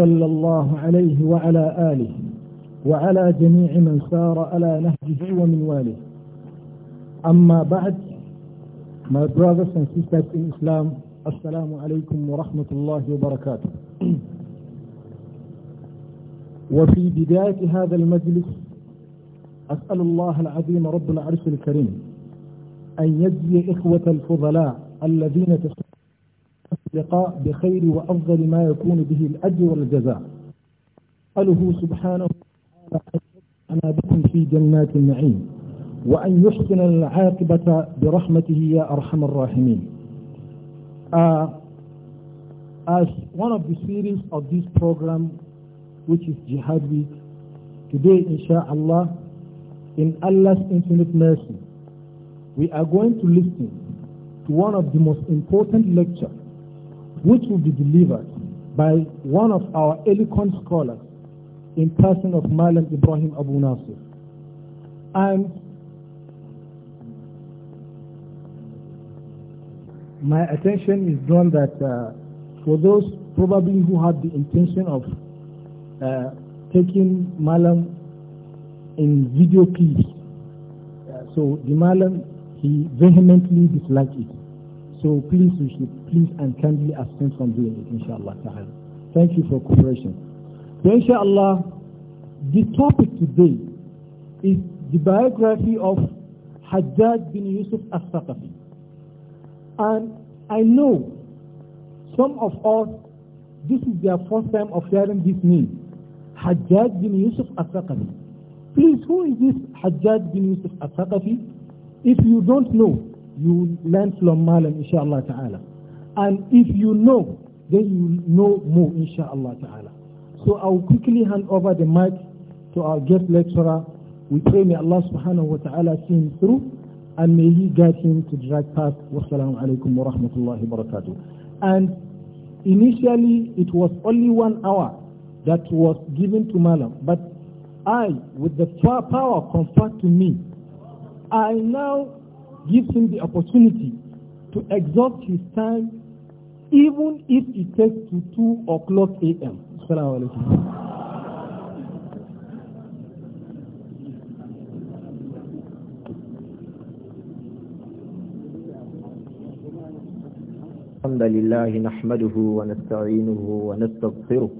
صلى الله عليه وعلى آله وعلى جميع من سار على نهجه ومن واله أما بعد my brothers and sisters in Islam السلام عليكم ورحمة الله وبركاته وفي بداية هذا المجلس أسأل الله العظيم رب العرش الكريم أن يجزي إخوة الفضلاء الذين تسلمون لقاء بخير وأفضل ما يكون به الأجر والجزاء أله سبحانه وتعالى أنا بكم في جنات النعيم وأن يحسن العاقبة برحمته يا أرحم الراحمين uh, As one of the series of this program which is Jihad Week today inshallah in Allah's infinite mercy we are going to listen to one of the most important lectures which will be delivered by one of our eloquent scholars in person of Malam Ibrahim Abu Nasir. And my attention is drawn that uh, for those probably who have the intention of uh, taking Malam in video clips, uh, so the Malam, he vehemently dislikes it. So please, we should please and kindly abstain from doing it, inshallah Thank you for cooperation. So inshallah, the topic today is the biography of Hajjaj bin Yusuf al saqafi And I know some of us, this is their first time of hearing this name, Hajjaj bin Yusuf al saqafi Please, who is this Hajjaj bin Yusuf al saqafi If you don't know, you learn from Malam inshallah ta'ala. And if you know, then you know more inshallah ta'ala. So I will quickly hand over the mic to our guest lecturer. We pray may Allah subhanahu wa ta'ala see him through and may he guide him to the right path. Wassalamu alaikum wa rahmatullahi wa barakatuh. And initially it was only one hour that was given to Malam, but I, with the power conferred to me, I now gives him the opportunity to exhaust his time even if it takes to 2 o'clock a.m. الحمد لله نحمده ونستعينه ونستغفره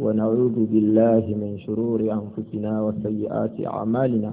ونعوذ بالله من شرور أنفسنا وسيئات أعمالنا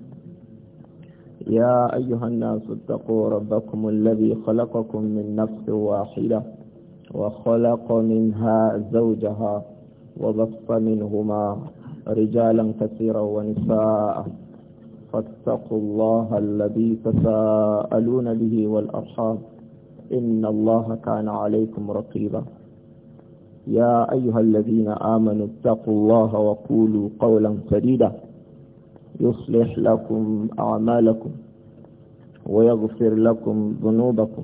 يا أيها الناس اتقوا ربكم الذي خلقكم من نفس واحدة وخلق منها زوجها وبص منهما رجالا كثيرا ونساء فاتقوا الله الذي تساءلون به والأرحام إن الله كان عليكم رقيبا يا أيها الذين آمنوا اتقوا الله وقولوا قولا سديدا يصلح لكم أعمالكم ويغفر لكم ذنوبكم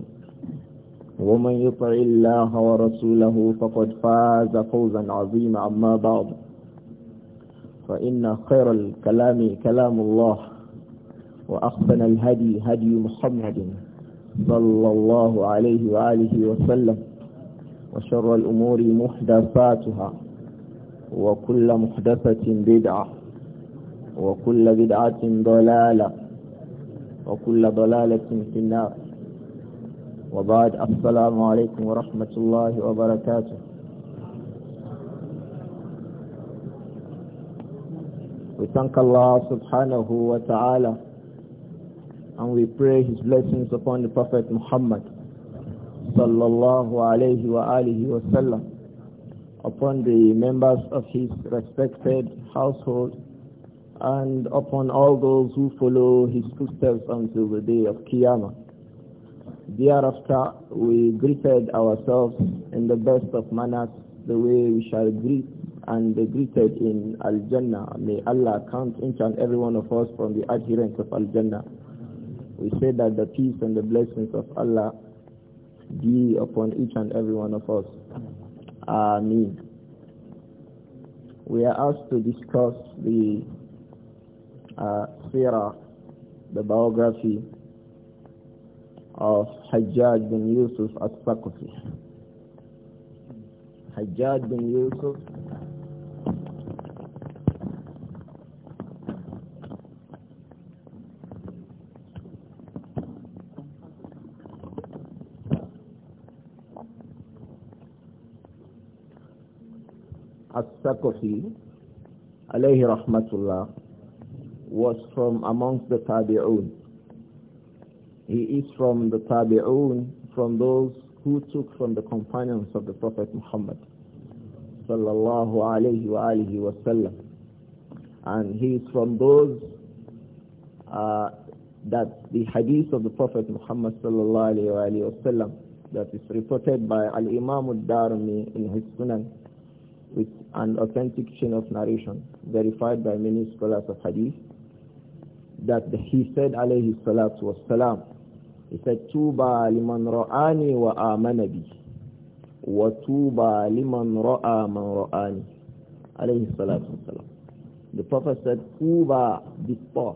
ومن يطع الله ورسوله فقد فاز فوزا عظيما أما بعد فإن خير الكلام كلام الله وأحسن الهدي هدي محمد صلى الله عليه وآله وسلم وشر الأمور محدثاتها وكل محدثة بدعة وكل بدعة ضلالة وكل ضلالة في النار وبعد السلام عليكم ورحمة الله وبركاته We thank Allah subhanahu wa ta'ala and we pray his blessings upon the Prophet Muhammad sallallahu alayhi wa alihi wa sallam upon the members of his respected household and upon all those who follow his footsteps until the day of Qiyamah. Thereafter, we greeted ourselves in the best of manners, the way we shall greet and be greeted in Al-Jannah. May Allah count each and every one of us from the adherents of Al-Jannah. We say that the peace and the blessings of Allah be upon each and every one of us. Ameen. We are asked to discuss the uh, Sirah, the biography of Hajjaj bin Yusuf al-Sakufi. Hajjaj bin Yusuf al sakafi alayhi rahmatullah was from amongst the Tabi'un. He is from the Tabi'un, from those who took from the companions of the Prophet Muhammad sallallahu alayhi wa alihi wasallam. And he is from those uh, that the hadith of the Prophet Muhammad sallallahu alayhi wa sallam that is reported by Al-Imam al-Darmi in his Sunan with an authentic chain of narration verified by many scholars of hadith that he said alayhi salatu was salam he said tuba liman ra'ani wa amana bi wa tuba liman ra'a man ra'ani alayhi salatu was the prophet said tuba before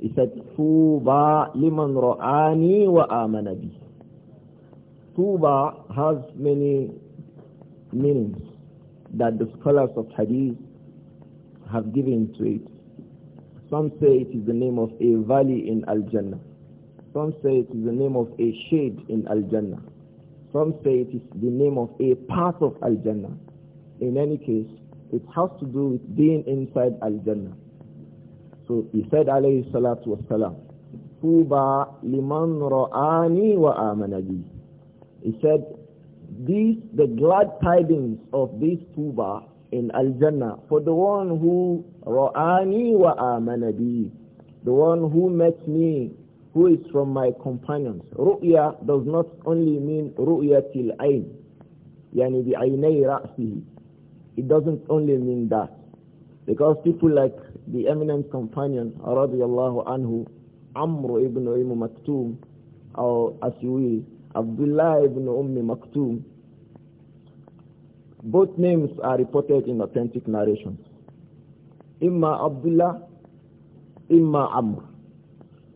he said tuba liman ra'ani wa amana bi tuba has many meanings that the scholars of hadith have given to it some say it is the name of a valley in Al-Jannah. Some say it is the name of a shade in Al-Jannah. Some say it is the name of a part of Al-Jannah. In any case, it has to do with being inside Al-Jannah. So he said, alayhi salatu wasalam, Tuba liman ra'ani wa amanadi. He said, these, the glad tidings of this Tuba in Al-Jannah for the one who ra'ani wa amanabi, the one who met me, who is from my companions. Ru'ya does not only mean ru'ya til ayn, yani bi aynay ra'sihi. It doesn't only mean that. Because people like the eminent companion, radiallahu anhu, Amr ibn Umm Maktoum, or as you will, Abdullah ibn Umm Maktoum, both names are reported in authentic narrations. Imma Abdullah, Imma Amr.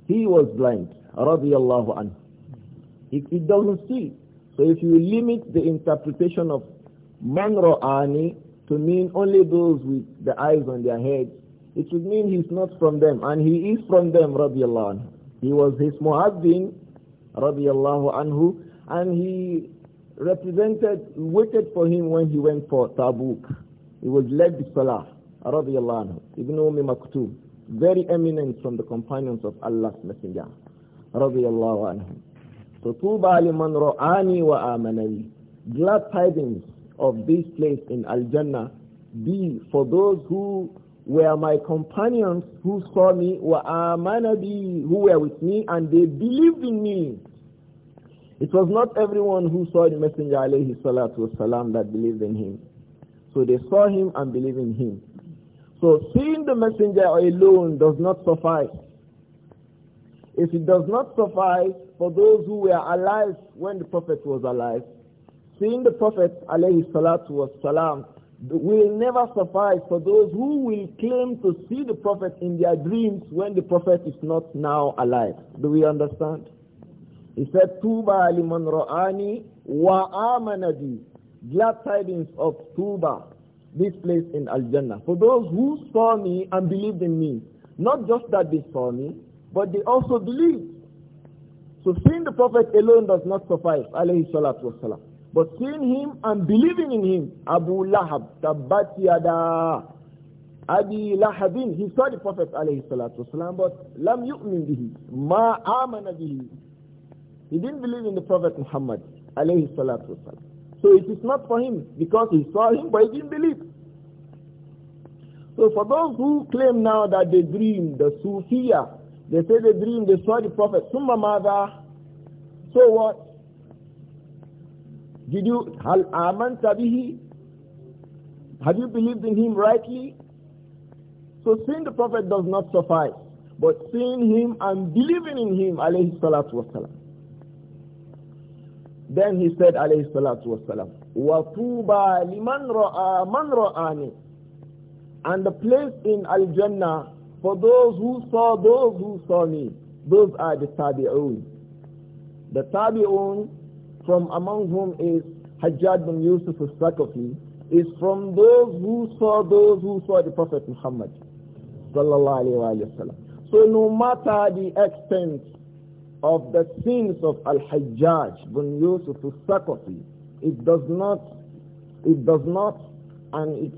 He was blind, radiallahu anhu. He, he doesn't see. So if you limit the interpretation of Manro'ani to mean only those with the eyes on their heads, it would mean he's not from them, and he is from them, radiallahu anhu. He was his muaddin, radiallahu anhu, and he represented, waited for him when he went for Tabuk. He was led to Salah, radiallahu anhu, Ibn Umm Maktoum, very eminent from the companions of Allah's Messenger, radiallahu anhu. So Tuba liman ra'ani wa amanawi. Glad tidings of this place in Al-Jannah be for those who were my companions who saw me, wa amanabi, who were with me, and they believed in me. It was not everyone who saw the Messenger alayhi salatu wasalam that believed in him. So they saw him and believed in him. So seeing the Messenger alone does not suffice. If it does not suffice for those who were alive when the Prophet was alive, seeing the Prophet alayhi salatu wasalam will never suffice for those who will claim to see the Prophet in their dreams when the Prophet is not now alive. Do we understand? He said, Tuba liman ra'ani wa amanadi. Glad tidings of Tuba, this place in Al-Jannah. For those who saw me and believed in me. Not just that they saw me, but they also believed. So seeing the Prophet alone does not suffice, alayhi salatu wasalam. But seeing him and believing in him, Abu Lahab, Tabbat Yada, Abi Lahabin, he saw the Prophet alayhi salatu wasalam, but Lam yu'min bihi, ma amana bihi. He didn't believe in the Prophet Muhammad alayhi salatu wasalam. So it is not for him because he saw him but he didn't believe. So for those who claim now that they dream, the Sufiya, they say they dream, they saw the Prophet, Summa Mada, so what? Did you, Hal Aman Tabihi? Have you believed in him rightly? So seeing the Prophet does not suffice, but seeing him and believing in him, alayhi salatu wasalam. Then he said, alayhi salatu wasalam, وَطُوبَى لِمَنْ رَأَى مَنْ رَأَانِ And the place in Al-Jannah, for those who saw those who saw me, those are the tabi'un. The tabi'un from among whom is Hajjaj bin Yusuf al-Sakafi, is from those who saw those who saw the Prophet Muhammad. Sallallahu So no matter the extent of the sins of Al-Hajjaj bin Yusuf al sakafi it does not, it does not, and it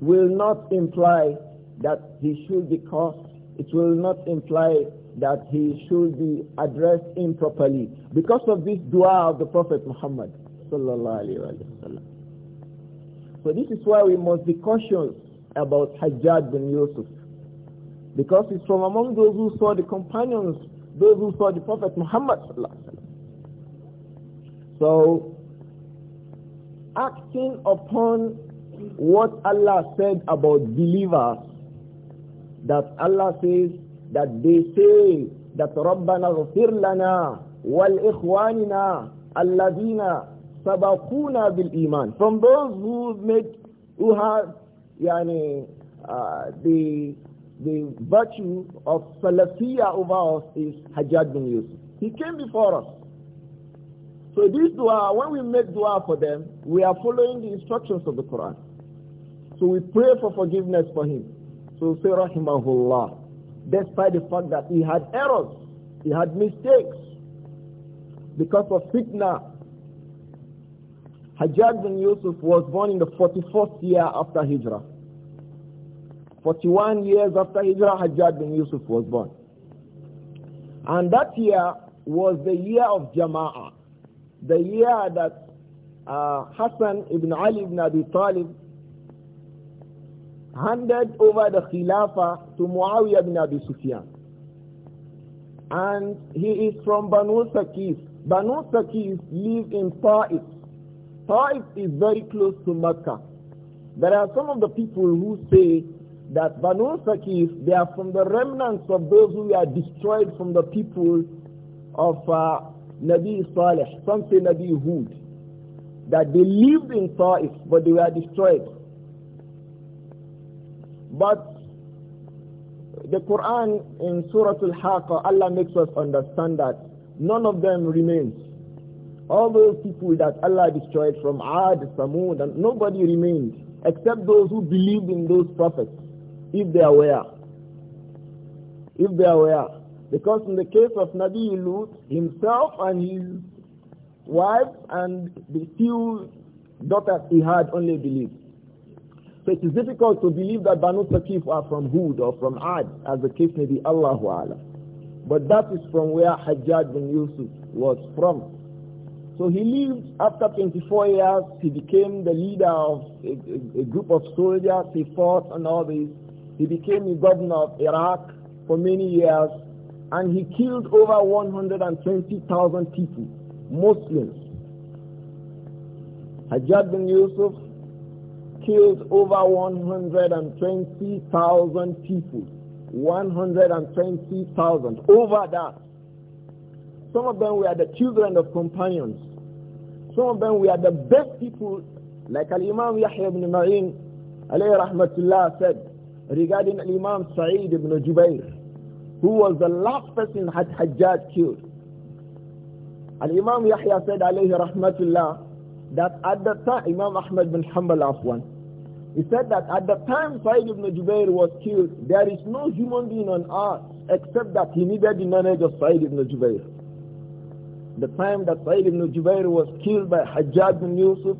will not imply that he should be cursed. It will not imply that he should be addressed improperly because of this dua of the Prophet Muhammad So this is why we must be cautious about Hajjaj bin Yusuf because he's from among those who saw the companions those who saw the Prophet Muhammad So, acting upon what Allah said about believers, that Allah says that they say that رَبَّنَا اغْفِرْ لَنَا وَالْإِخْوَانِنَا الَّذِينَ سَبَقُونَا بِالْإِيمَانِ From those who made, who have, yani, uh, the the virtue of Salafiyah over us is Hajjaj bin Yusuf. He came before us. So this dua, when we make dua for them, we are following the instructions of the Quran. So we pray for forgiveness for him. So say rahimahullah. Despite the fact that he had errors, he had mistakes because of fitna. Hajjaj bin Yusuf was born in the 44th year after Hijrah. 41 years after Hijrah Hajjaj bin Yusuf was born. And that year was the year of Jama'ah, the year that uh, Hassan ibn Ali ibn Abi Talib handed over the Khilafah to Muawiyah ibn Abi Sufyan. And he is from Banu Saqif. Banu Saqif live in Ta'if. Ta'if is very close to Mecca. There are some of the people who say that Banu Sakif, they are from the remnants of those who were destroyed from the people of uh, Nabi Saleh, some say Nabi Hud, that they lived in Ta'if, but they were destroyed. But the Quran in Surah Al-Haqqa, Allah makes us understand that none of them remains. All those people that Allah destroyed from Ad, Samud, and nobody remained except those who believed in those prophets if they are aware. If they are aware. Because in the case of Nabi Lut, himself and his wife and the few daughters he had only believed. So it is difficult to believe that Banu Saqif are from Hud or from Ad, as the case may be, Allahu Alam. But that is from where Hajjaj bin Yusuf was from. So he lived after 24 years, he became the leader of a, a, a group of soldiers, he fought and all this. He became the governor of Iraq for many years and he killed over 120,000 people, Muslims. Hajjad bin Yusuf killed over 120,000 people. 120,000. Over that. Some of them were the children of companions. Some of them were the best people, like Al-Imam Yahya ibn Ma'in, alayhi rahmatullah, said, regarding Imam Sa'id ibn Jubair, who was the last person had Hajjaj killed. And Imam Yahya said, alayhi rahmatullah, that at the time, Imam Ahmad bin Hanbal one, he said that at the time Sa'id ibn Jubair was killed, there is no human being on earth except that he needed the knowledge of Sa'id ibn Jubair. The time that Sa'id ibn Jubair was killed by Hajjaj bin Yusuf,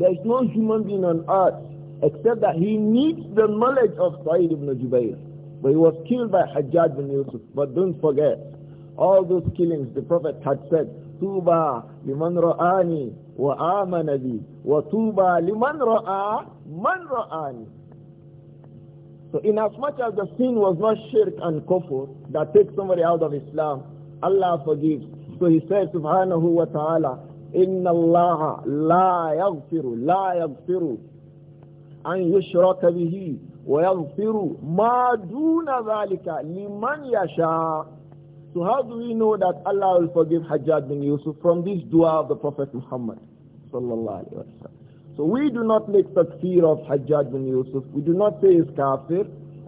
there is no human being on earth except that he needs the knowledge of Sa'id ibn Jubayr. But he was killed by Hajjaj bin Yusuf. But don't forget, all those killings the Prophet had said, Tuba liman ra'ani wa amana bi wa tuba liman ra'a man ra'ani. So in as much as the sin was not shirk and kufr that takes somebody out of Islam, Allah forgives. So he says subhanahu wa ta'ala, inna Allah la يَغْفِرُ la يَغْفِرُ أن bihi wa ويغفر ما دون ذلك لمن يشاء So how do we know that Allah will forgive Hajjaj bin Yusuf from this dua of the Prophet Muhammad sallallahu alaihi wasallam? So we do not make fear of Hajjaj bin Yusuf. We do not say is kafir.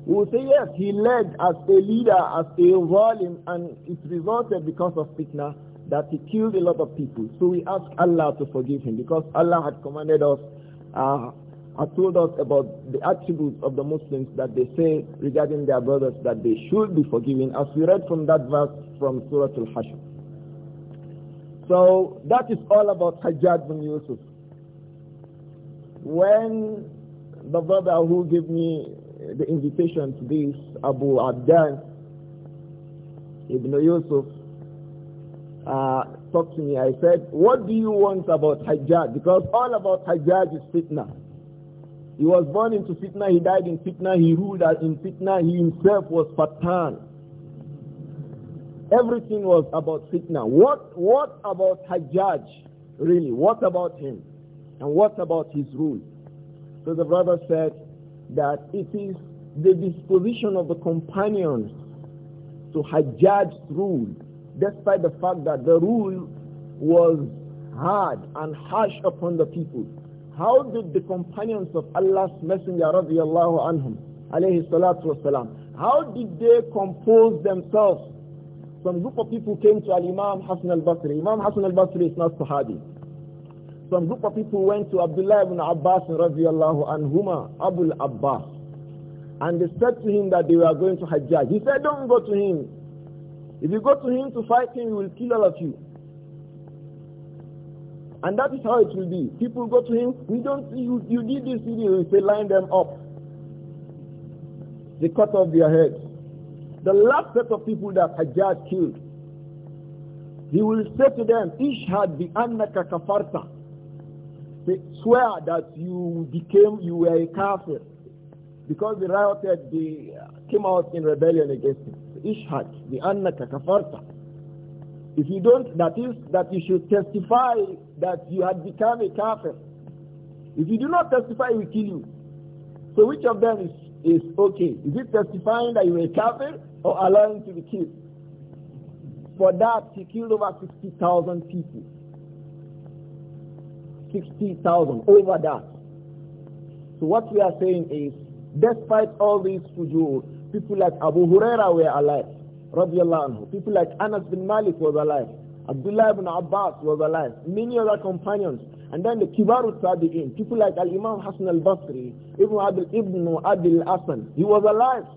We will say yes, he led as a leader, as a zalim, and it resulted because of fitna that he killed a lot of people. So we ask Allah to forgive him because Allah had commanded us uh, had told us about the attributes of the Muslims that they say regarding their brothers that they should be forgiven, as we read from that verse from Surah Al-Hashr. So that is all about hijab bin Yusuf. When the brother who gave me the invitation to this, Abu Abdan Ibn Yusuf, uh, talked to me, I said, what do you want about hijab? Because all about Hajjaj is fitna. He was born into fitna, he died in fitna, he ruled in fitna, he himself was fatan. Everything was about fitna. What, what about Hajjaj, really? What about him? And what about his rule? So the brother said that it is the disposition of the companions to Hajjaj's rule, despite the fact that the rule was hard and harsh upon the people. How did the companions of Allah's Messenger radiallahu anhum, alayhi salatu wasalam, how did they compose themselves? Some group of people came to Al-Imam Hassan al-Basri. Imam Hassan al-Basri is not Sahabi. Some group of people went to Abdullah ibn Abbas radiallahu anhuma, Abu abbas And they said to him that they were going to Hajjaj. He said, don't go to him. If you go to him to fight him, he will kill all of you. And that is how it will be. People go to him, we don't see you, you did this video, they line them up. They cut off their heads. The last set of people that Hajjaj killed, he will say to them, Ishhad bi annaka kafarta. They swear that you became, you were a kafir. Because they rioted, they came out in rebellion against him. Ishhad bi annaka kafarta. If you don't, that is, that you should testify that you had become a kafir. If you do not testify, we kill you. So which of them is, is okay? Is it testifying that you were a kafir or allowing to be killed? For that, he killed over 60,000 people. 60,000, over that. So what we are saying is, despite all these fujur, people like Abu Huraira were alive radiallahu anhu. People like Anas bin Malik was alive. Abdullah ibn Abbas was alive. Many other companions. And then the Kibaru Tabi'in, people like Al-Imam Hassan al-Basri, Ibn Abdul Ibn Abdul Asan, he was alive.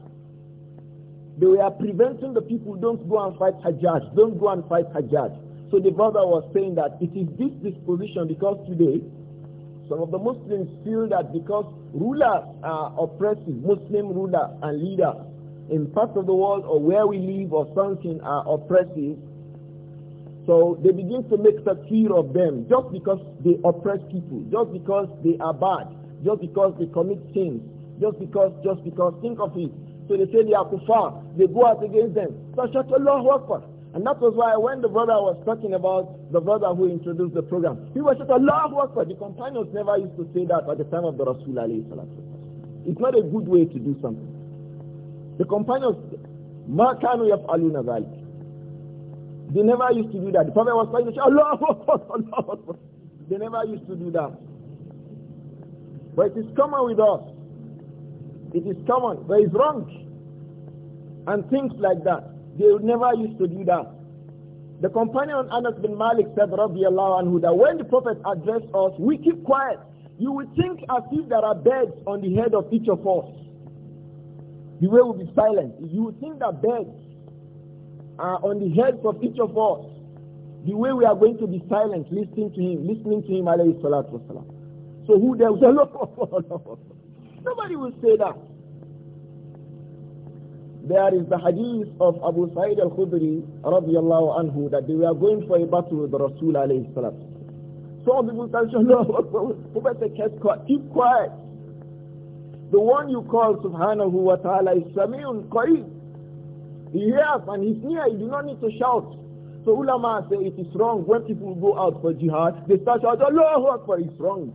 They were preventing the people, don't go and fight Hajjaj, don't go and fight Hajjaj. So the brother was saying that it is this disposition because today, some of the Muslims feel that because rulers are oppressive, Muslim rulers and leaders, in parts of the world or where we live or something are oppressive, so they begin to make fear of them just because they oppress people, just because they are bad, just because they commit sins, just because, just because, think of it. So they say they are kuffar, they go out against them. So shut Allahu Akbar. And that was why when the brother was talking about the brother who introduced the program, he was just Allahu Akbar. The companions never used to say that at the time of the Rasul It's not a good way to do something. The companions, ما كانوا يفعلون ذلك. They never used to do that. The Prophet was saying, Allah, Allah, Allah. They never used to do that. But it is common with us. It is common, but it's wrong. And things like that. They never used to do that. The companion Anas bin Malik said, Radiallahu anhu, that when the Prophet addressed us, we keep quiet. You will think as if there are beds on the head of each of us. The way will be silent. You will think that birds are on the heads of each of us. The way we are going to be silent, listening to him, listening to him, alayhi salatu wasalam. So who there will say, no, Nobody will say that. There is the hadith of Abu Sa'id al-Khudri radiallahu anhu that they were going for a battle with Rasul alayhi salatu. Some people said, no, Prophet said, keep quiet. The one you call subhanahu wa ta'ala is Sami'un Qareeb. He hears and he's near, you do not need to shout. So ulama say it is wrong when people go out for jihad, they start shouting, Allahu Akbar, it's wrong.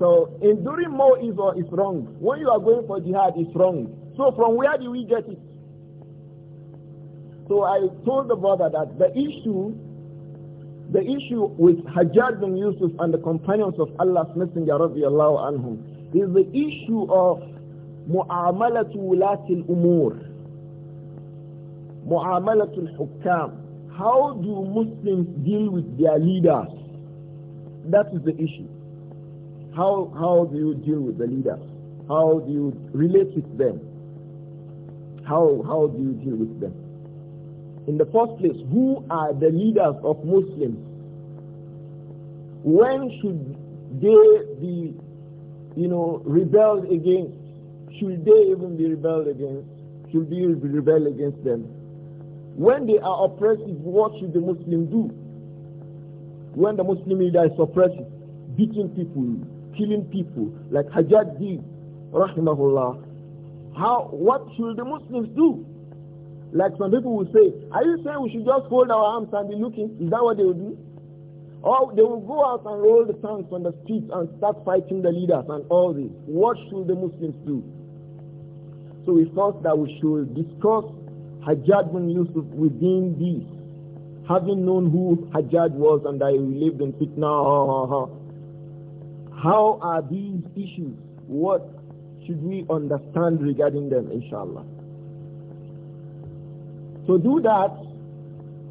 So enduring more evil is wrong. When you are going for jihad, it's wrong. So from where do we get it? So I told the brother that the issue the issue with Hajjaj bin Yusuf and the companions of Allah's Messenger radiallahu anhum is the issue of mu'amalatul ulatil umur mu'amalatul hukam How do Muslims deal with their leaders? That is the issue. How, how do you deal with the leaders? How do you relate with them? How, how do you deal with them? in the first place, who are the leaders of Muslims? When should they be, you know, rebelled against? Should they even be rebelled against? Should we rebel against them? When they are oppressive, what should the Muslim do? When the Muslim leader is oppressive, beating people, killing people, like Hajjaj did, rahimahullah, how, what should the Muslims do? Like some people will say, are you saying we should just hold our arms and be looking? Is that what they will do? Or they will go out and roll the tanks on the streets and start fighting the leaders and all this. What should the Muslims do? So we thought that we should discuss Hajjaj bin Yusuf within this. Having known who Hajjaj was and that he lived in Fitna, how are these issues? What should we understand regarding them, inshallah? To do that,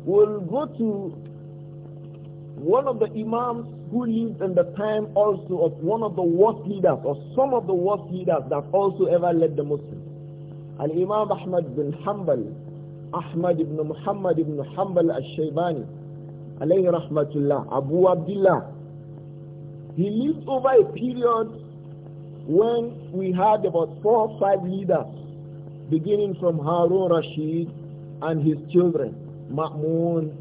we'll go to one of the imams who lived in the time also of one of the worst leaders or some of the worst leaders that also ever led the Muslims. And Imam Ahmad bin Hanbal, Ahmad ibn Muhammad ibn Hanbal al-Shaybani, alayhi rahmatullah, Abu Abdullah. He lived over a period when we had about four or five leaders, beginning from Harun Rashid, and his children, Ma'mun,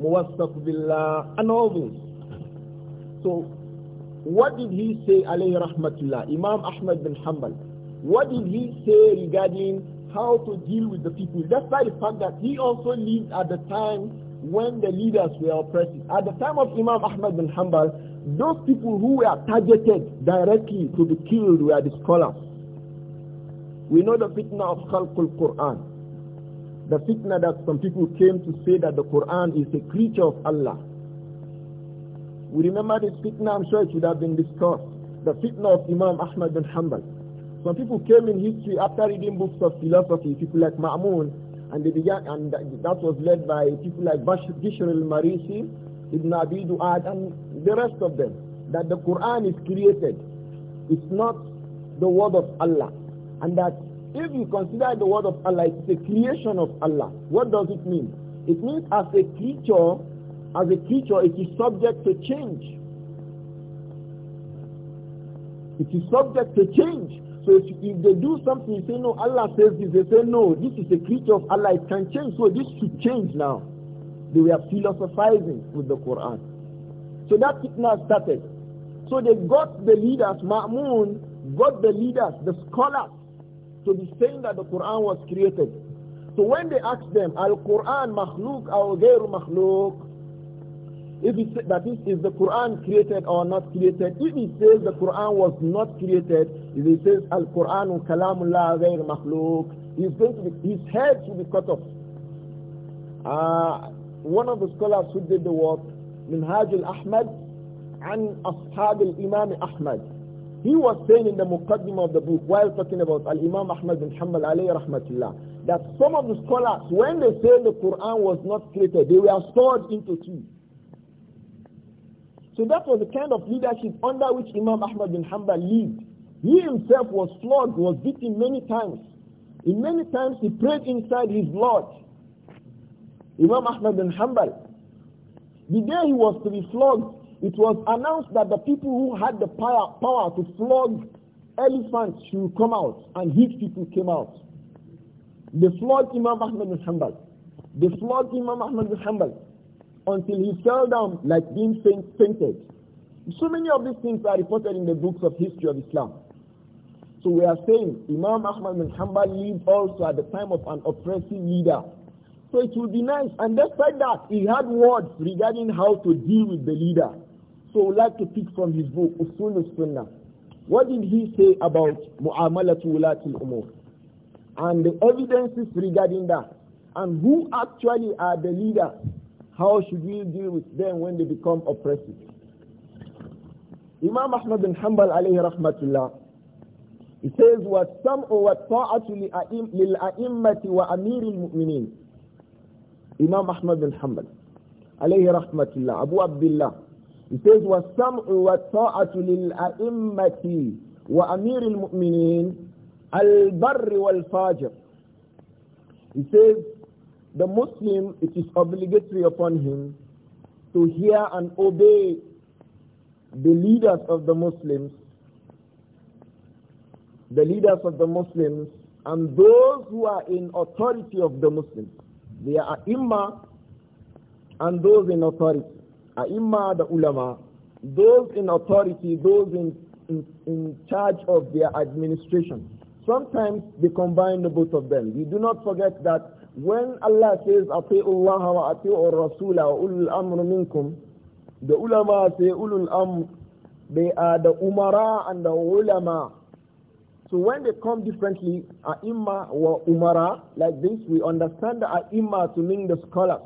Muwassaq Billah, and all this. So, what did he say, alayhi rahmatullah, Imam Ahmad bin Hanbal? What did he say regarding how to deal with the people? That's by the fact that he also lived at the time when the leaders were oppressive. At the time of Imam Ahmad bin Hanbal, those people who were targeted directly to be killed were the scholars. We know the fitna of Khalqul Quran. The fitna that some people came to say that the Quran is a creature of Allah. We remember this fitna, I'm sure it would have been discussed. The fitna of Imam Ahmad bin Hanbal. Some people came in history after reading books of philosophy, people like Ma'mun, and they began, and that was led by people like Bishr al-Marisi, Ibn Abi Du'ad, and the rest of them, that the Quran is created. It's not the word of Allah. And that if you consider the word of Allah, it's a creation of Allah. What does it mean? It means as a creature, as a creature, it is subject to change. It is subject to change. So if, if they do something, you say, no, Allah says this. They say, no, this is a creature of Allah. It can change. So this should change now. They were philosophizing with the Quran. So that fitna started. So they got the leaders, Ma'mun got the leaders, the scholars, to be saying that the Quran was created. So when they ask them, Al-Quran makhluk Al ghairu makhluk, if it say, that is, is the Quran created or not created? If he says the Quran was not created, if he says Al Quran kalamullah ghair makhluk, he's going to be, his head should be cut off. Uh, one of the scholars who did the work, Minhaj al Ahmad, and Ashab al Imam Ahmad, he was saying in the Muqaddimah of the book, while talking about Al-Imam Ahmad bin Hanbal alayhi rahmatullah, that some of the scholars, when they say the Quran was not created, they were stored into two. So that was the kind of leadership under which Imam Ahmad bin Hanbal lived. He himself was flogged, was beaten many times. In many times he prayed inside his lodge. Imam Ahmad bin Hanbal. The day he was to be flogged, it was announced that the people who had the power, power to flog elephants should come out and his people came out. They flogged Imam Ahmad bin Hanbal. They flogged Imam Ahmad bin Hanbal until he fell down like being faint, fainted. So many of these things are reported in the books of history of Islam. So we are saying Imam Ahmad bin Hanbal lived also at the time of an oppressive leader. So it would be nice. And despite that, he had words regarding how to deal with the leader. So we like to pick from his book, Usul Sunnah. What did he say about Mu'amalat Wulatil Umur? And the evidences regarding that. And who actually are the leaders? How should we deal with them when they become oppressive? Imam Ahmad bin Hanbal alayhi rahmatullah, he says, وَالسَّمْعُ وَالطَّاعَةُ لِلْأَئِمَّةِ وَأَمِيرِ الْمُؤْمِنِينَ Imam Ahmad bin Hanbal alayhi rahmatullah, Abu Abdullah, he says, وَالسَّمْعُ وَالطَّاعَةُ لِلْأَئِمَّةِ وَأَمِيرِ الْمُؤْمِنِينَ الْبَرِّ وَالْفَاجِرِ He says, the Muslim, it is obligatory upon him to hear and obey the leaders of the Muslims, the leaders of the Muslims, and those who are in authority of the Muslims. They are i am and those in authority. Aima the ulama, those in authority, those in, in, in charge of their administration, sometimes they combine the both of them. We do not forget that when Allah says, Ati'ullah wa ati'ur rasula wa ulul amr minkum, the ulama say ulul amr, they are the umara and the ulama. So when they come differently, ai am wa umara, like this, we understand ai am to mean the scholars.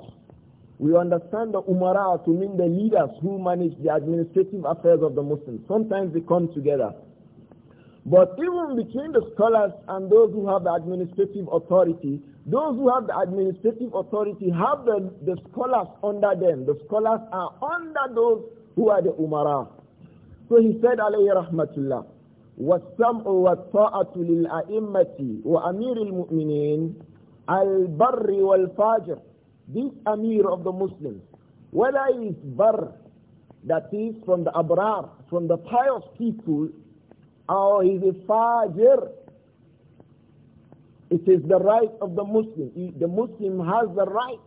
We understand the umara to mean the leaders who manage the administrative affairs of the Muslims. Sometimes they come together. But even between the scholars and those who have the administrative authority, those who have the administrative authority have the, the scholars under them. The scholars are under those who are the umara. So he said, alayhi rahmatullah, وَالسَّمْعُ وَالطَّاعَةُ لِلْأَئِمَّةِ وَأَمِيرِ الْمُؤْمِنِينَ الْبَرِّ وَالْفَاجِرِ this Amir of the Muslims, whether he is Bar, that is from the Abrar, from the pious people, or he is a Fajr, it is the right of the Muslim. He, the Muslim has the right.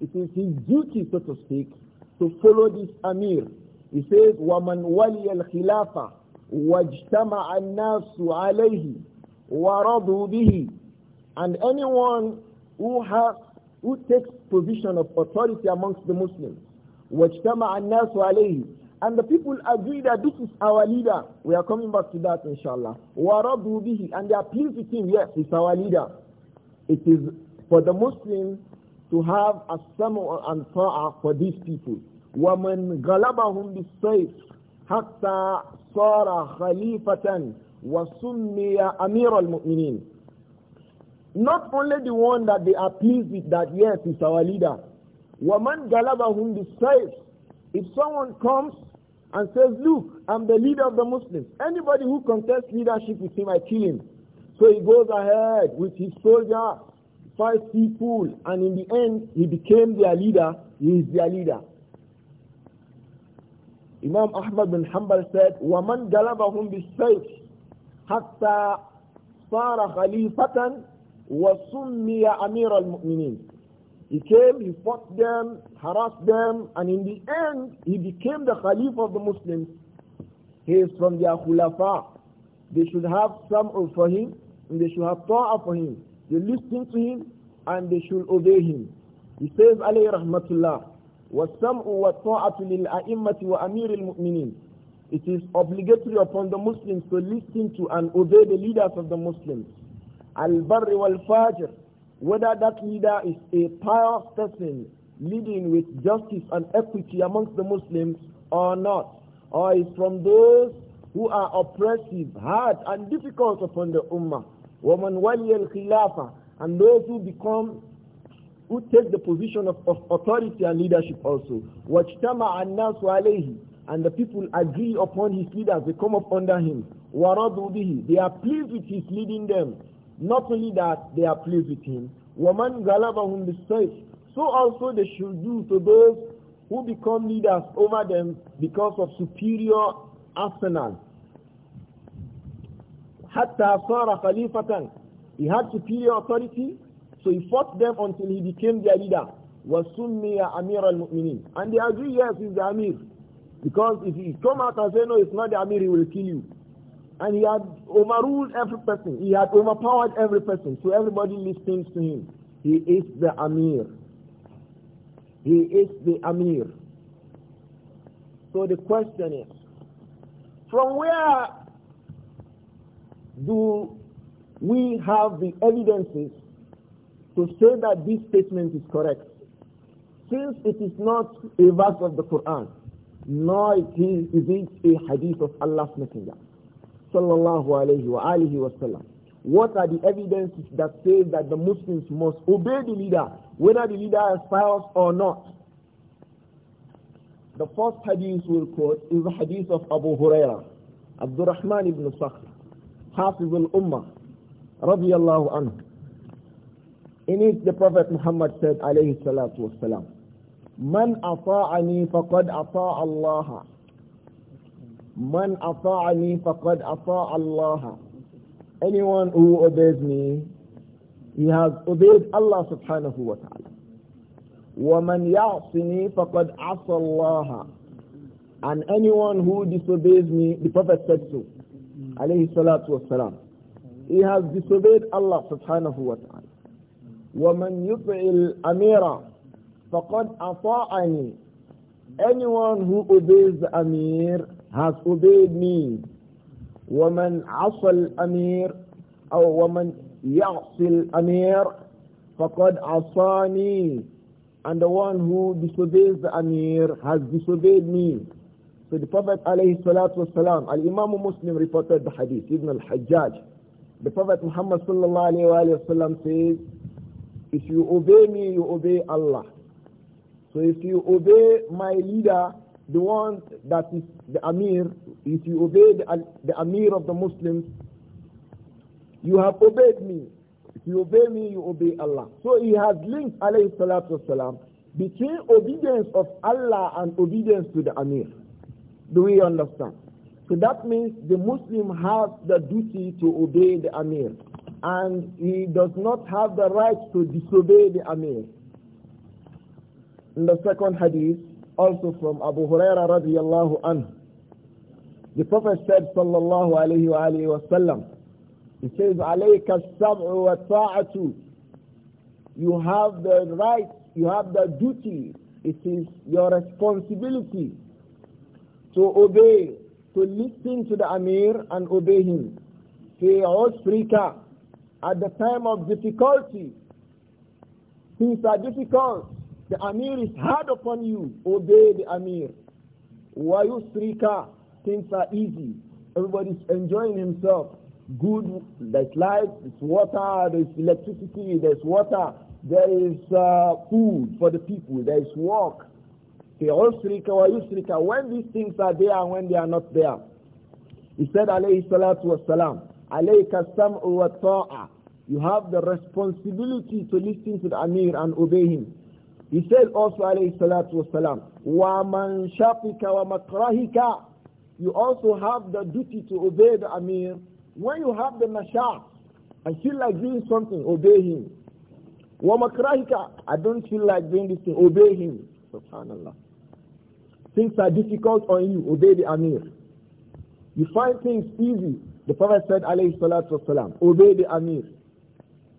It is his duty, so to speak, to follow this Amir. He says, وَمَنْ وَلِيَ الْخِلَافَةِ وَاجْتَمَعَ النَّاسُ عَلَيْهِ وَرَضُوا بِهِ And anyone who has who takes position of authority amongst the Muslims. وَاجْتَمَعَ النَّاسُ عَلَيْهِ And the people agree that this is our leader. We are coming back to that inshallah. And they appeal to him. Yes, it's our leader. It is for the Muslims to have a samu and ta'a for these people. وَمَنْ غَلَبَهُمْ بِالسَّيْفِ حَتَّى صَارَ خَلِيفَةً وَسُمِّيَ أَمِيرَ الْمُؤْمِنِينَ not only the one that they are pleased with that, yes, is our leader. Waman galabahum bisides. If someone comes and says, look, I'm the leader of the Muslims. Anybody who contests leadership with him, I kill him. So he goes ahead with his soldier, fights people, and in the end, he became their leader. He is their leader. Imam Ahmad bin Hanbal said, وَمَنْ غَلَبَهُمْ بِالسَّيْفِ حَتَّى صَارَ خَلِيفَةً Amir al الْمُؤْمِنِينَ He came, he fought them, harassed them, and in the end, he became the Khalif of the Muslims. He is from their Khulafa. They should have some for him, and they should have power for him. They listen to him, and they should obey him. He says, alayhi rahmatullah, وَالسَّمْءُ وَالطَّاعَةُ لِلْأَئِمَّةِ وَأَمِيرِ الْمُؤْمِنِينَ It is obligatory upon the Muslims to listen to and obey the leaders of the Muslims al-barr wal-fajr, whether that leader is a pious person leading with justice and equity amongst the Muslims or not, or is from those who are oppressive, hard and difficult upon the ummah. وَمَنْ al الْخِلَافَةِ And those who become who take the position of, of authority and leadership also. and nasu alayhi And the people agree upon his leaders, they come up under him. وَرَضُوا بِهِ They are pleased with his leading them. Not only that, they are pleased with him. وَمَنْ غَلَبَهُمْ بِالسَّيْفِ So also they should do to those who become leaders over them because of superior arsenal. حَتَّى صَارَ Khalifatan, He had superior authority, so he fought them until he became their leader. Amir al الْمُؤْمِنِينَ And they agree, yes, he's the Amir. Because if he come out and say, no, it's not the Amir, he will kill you. And he had overruled every person. He had overpowered every person. So everybody listens to him. He is the Amir. He is the Amir. So the question is, from where do we have the evidences to say that this statement is correct? Since it is not a verse of the Quran, nor is it a hadith of Allah's Messenger sallallahu alayhi wa alihi wasallam. What are the evidences that say that the Muslims must obey the leader, whether the leader aspires or not? The first hadith we'll quote is the hadith of Abu Huraira, Abdurrahman ibn Half Hafiz al-Ummah, radiyallahu anhu. In it, the Prophet Muhammad said, alayhi salatu salam, Man ata'ani faqad ata'a Allah Man ata'ani faqad ata'a Allah. Anyone who obeys me, he has obeyed Allah subhanahu wa ta'ala. وَمَنْ يَعْصِنِي فَقَدْ عَصَى اللَّهَ And anyone who disobeys me, the Prophet said so, alayhi salatu wasalam. He has disobeyed Allah subhanahu wa ta'ala. وَمَنْ يُطْعِ الْأَمِيرَ فَقَدْ أَطَاعَنِي Anyone who obeys the Amir, has obeyed me. وَمَنْ عَصَى الْأَمِيرِ أو وَمَنْ يَعْصِ amir, فَقَدْ عَصَانِي And the one who disobeys the Amir has disobeyed me. So the Prophet alayhi salatu wasalam, Al-Imam Muslim reported the hadith, Ibn al-Hajjaj. The Prophet Muhammad sallallahu alayhi wa sallam says, if you obey me, you obey Allah. So if you obey my leader, the one that is the Amir, if you obey the, the Amir of the Muslims, you have obeyed me. If you obey me, you obey Allah. So he has linked alayhi salatu wasalam between obedience of Allah and obedience to the Amir. Do we understand? So that means the Muslim has the duty to obey the Amir and he does not have the right to disobey the Amir. In the second hadith, also from Abu Huraira radiallahu anhu. The Prophet said sallallahu alayhi wa alayhi wa sallam, he says, عَلَيْكَ السَّمْعُ وَالطَّاعَةُ You have the right, you have the duty, it is your responsibility to obey, to listen to the Amir and obey him. فِي عُسْرِكَ At the time of difficulty, things are difficult, the Amir is hard upon you. Obey the Amir. Wayusrika. Things are easy. Everybody's enjoying himself. Good, there's light, there's water, there's electricity, there's water, there is uh, food for the people, there is work. why you yusrika. When these things are there and when they are not there. He said, alayhi salatu wasalam, alayka sam'u wa ta'a. You have the responsibility to listen to the Amir and obey him. He said also, alayhi salatu wasalam, وَمَنْ شَقِكَ وَمَكْرَهِكَ You also have the duty to obey the Amir. When you have the mashaq, I feel like doing something, obey him. وَمَكْرَهِكَ I don't feel like doing this thing, obey him. Subhanallah. Things are difficult on you, obey the Amir. You find things easy. The Prophet said, alayhi salatu wasalam, obey the Amir.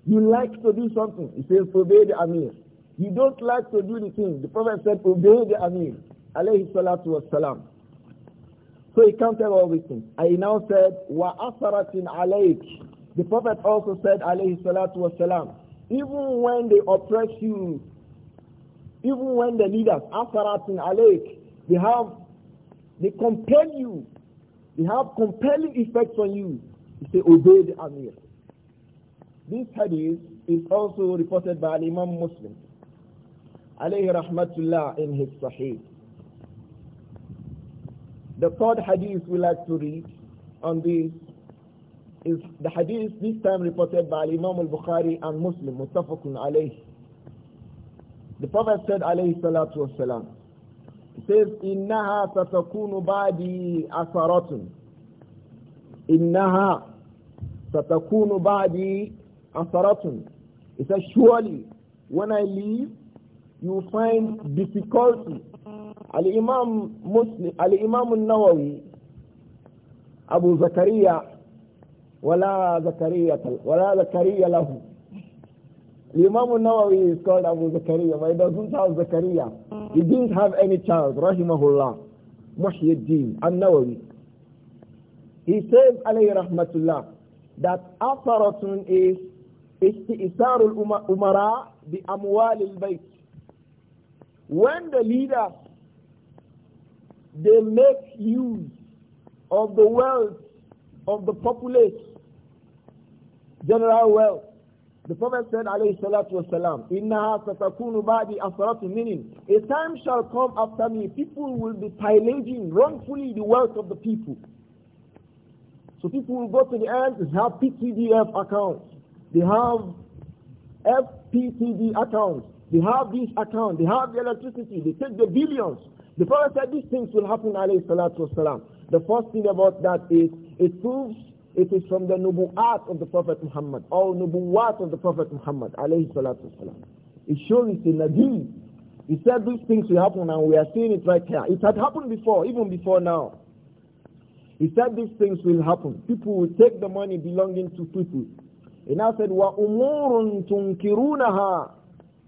You like to do something, he says, obey the Amir. You don't like to do the things. The Prophet said, obey the Amir, alayhi salatu So he counted all these things. I now said, wa asaratin alayk. The Prophet also said, alayhi salatu wassalam, even when they oppress you, even when the leaders, asaratin alayk, they have, they compel you, they have compelling effects on you. He said, obey the Amir. This hadith is also reported by Imam Muslim alayhi rahmatullah in his Sahih. The third hadith we like to read on this is the hadith this time reported by Imam al-Bukhari and Muslim, Muttafaqun alayhi. The Prophet said alayhi salatu wasalam, he says, إِنَّهَا سَتَكُونُ بَعْدِي أَثَرَةٌ إِنَّهَا سَتَكُونُ badi أَثَرَةٌ He says, surely when I leave, you find difficulty. Al-Imam Muslim, Al-Imam al-Nawawi, Abu Zakaria, ولا زكريا ولا زكريا Imam al Nawawi is called Abu Zakaria but he doesn't have Zakaria he didn't have any child rahimahullah Muhyiddin al-Nawawi he says alayhi rahmatullah that asaratun is isti'isar al-umara bi amwal al-bayt when the leaders, they make use of the wealth of the populace, general wealth, the Prophet said, alayhi salatu wasalam, إِنَّهَا سَتَكُونُ بَعْدِ أَثَرَةُ مِنِنْ A time shall come after me, people will be pillaging wrongfully the wealth of the people. So people will go to the end and have PTDF accounts. They have FPTD accounts. They have this account. They have the electricity. They take the billions. The Prophet said these things will happen, alayhi salatu wasalam. The first thing about that is it proves it is from the nubu'at of the Prophet Muhammad, or nubu'at of the Prophet Muhammad, alayhi salatu wasalam. It shows it's a nabi. He said these things will happen and we are seeing it right here. It had happened before, even before now. He said these things will happen. People will take the money belonging to people. And I said, وَأُمُورٌ تُنْكِرُونَهَا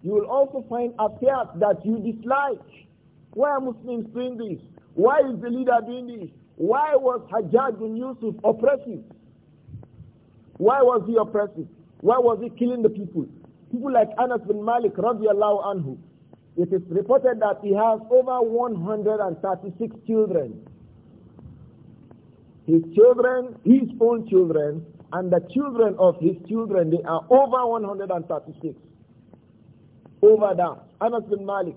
you will also find affairs that you dislike. Why are Muslims doing this? Why is the leader doing this? Why was Hajjaj bin Yusuf oppressive? Why was he oppressive? Why was he killing the people? People like Anas bin Malik radiallahu anhu. It is reported that he has over 136 children. His children, his own children, and the children of his children, they are over 136 over that. Anas bin Malik.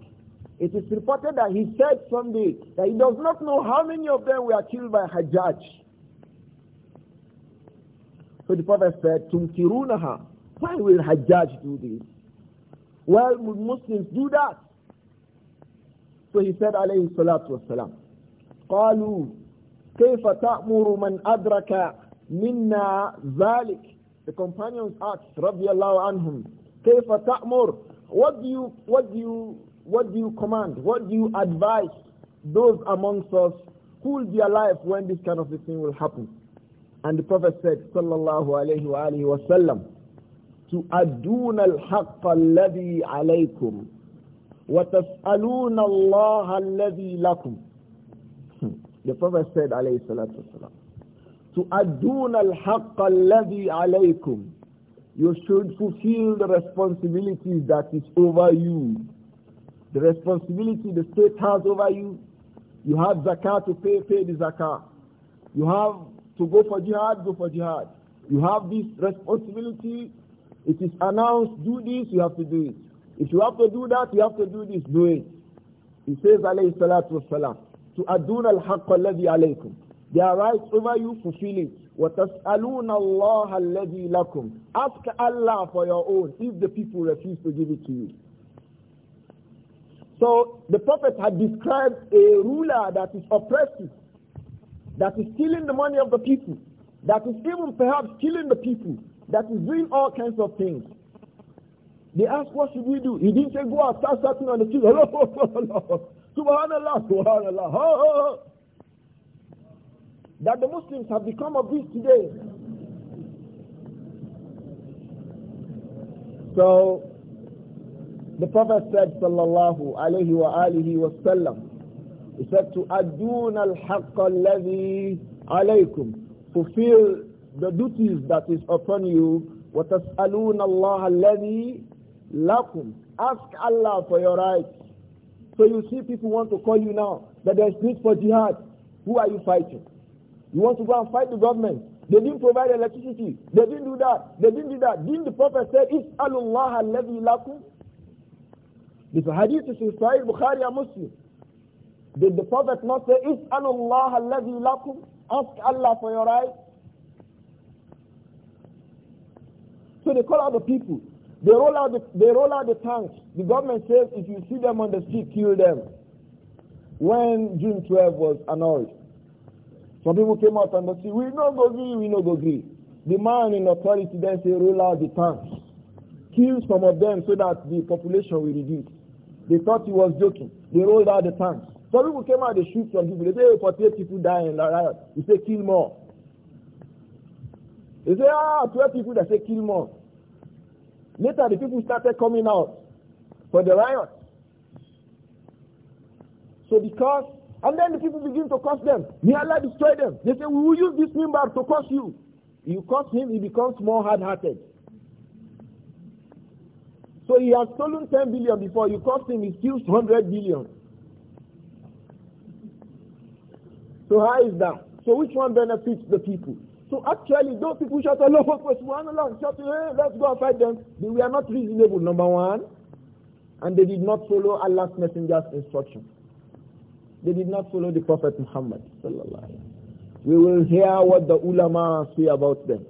It is reported that he said someday that he does not know how many of them were killed by Hajjaj. So the Prophet said, Tumkirunaha. Why will Hajjaj do this? Well, Muslims do that? So he said, alayhi salatu wasalam, قالوا كيف تأمر من أدرك منا ذلك The companions asked, رضي الله عنهم, كيف تأمر what do you, what do you, what do you command? What do you advise those amongst us who will be alive when this kind of a thing will happen? And the Prophet said, sallallahu alayhi wa alayhi wa sallam, تُؤَدُّونَ الْحَقَّ الَّذِي عَلَيْكُمْ وَتَسْأَلُونَ اللَّهَ الَّذِي lakum. Hmm. The Prophet said, alayhi salatu wasalam, al الْحَقَّ الَّذِي عَلَيْكُمْ you should fulfill the responsibility that is over you. The responsibility the state has over you. You have zakat to pay, pay the zakat. You have to go for jihad, go for jihad. You have this responsibility. It is announced, do this, you have to do it. If you have to do that, you have to do this, do it. He says, alayhi salatu wasalam, to adun al-haqqa alaykum. Their rights over you, fulfill it. وَتَسْأَلُونَ اللَّهَ الَّذِي لَكُمْ Ask Allah for your own if the people refuse to give it to you. So the Prophet had described a ruler that is oppressive, that is stealing the money of the people, that is even perhaps killing the people, that is doing all kinds of things. They asked, what should we do? He didn't say, go out, start starting on the street. Subhanallah, subhanallah that the Muslims have become of this today. So the Prophet said sallallahu alayhi wa alihi wa sallam he said to adun al-haqq alladhi alaykum fulfill the duties that is upon you wa tas'alun Allah alladhi lakum ask Allah for your rights so you see people want to call you now that there is need for jihad who are you fighting you want to go and fight the government. They didn't provide electricity. They didn't do that. They didn't do that. Didn't the Prophet say, It's Allah alladhi lakum? This hadith is in Sahih Bukhari and Muslim. Did the Prophet not say, It's Allah alladhi lakum? Ask Allah for your right. So they call out the people. They roll out the, they roll out the tanks. The government says, if you see them on the street, kill them. When June 12 was annulled, some people came out and they said, we no go agree, we no go agree. The man in authority then said, roll out the tanks. Kill some of them so that the population will reduce. They thought he was joking. They rolled out the tanks. Some people came out, they shoot some people. They say, 48 people die in the riot. He said, kill more. They say, ah, 12 people, they say, kill more. Later, the people started coming out for the riot. So because and then the people begin to curse them. May Allah destroy them. They say, we will use this member to curse you. You curse him, he becomes more hard-hearted. So he has stolen 10 billion before. You curse him, he steals 100 billion. So how is that? So which one benefits the people? So actually, those people shout Allah for subhanallah, shout, hey, let's go and fight them. They were not reasonable, number one. And they did not follow Allah's messenger's instruction. They did not follow the Prophet Muhammad. We will hear what the ulama say about them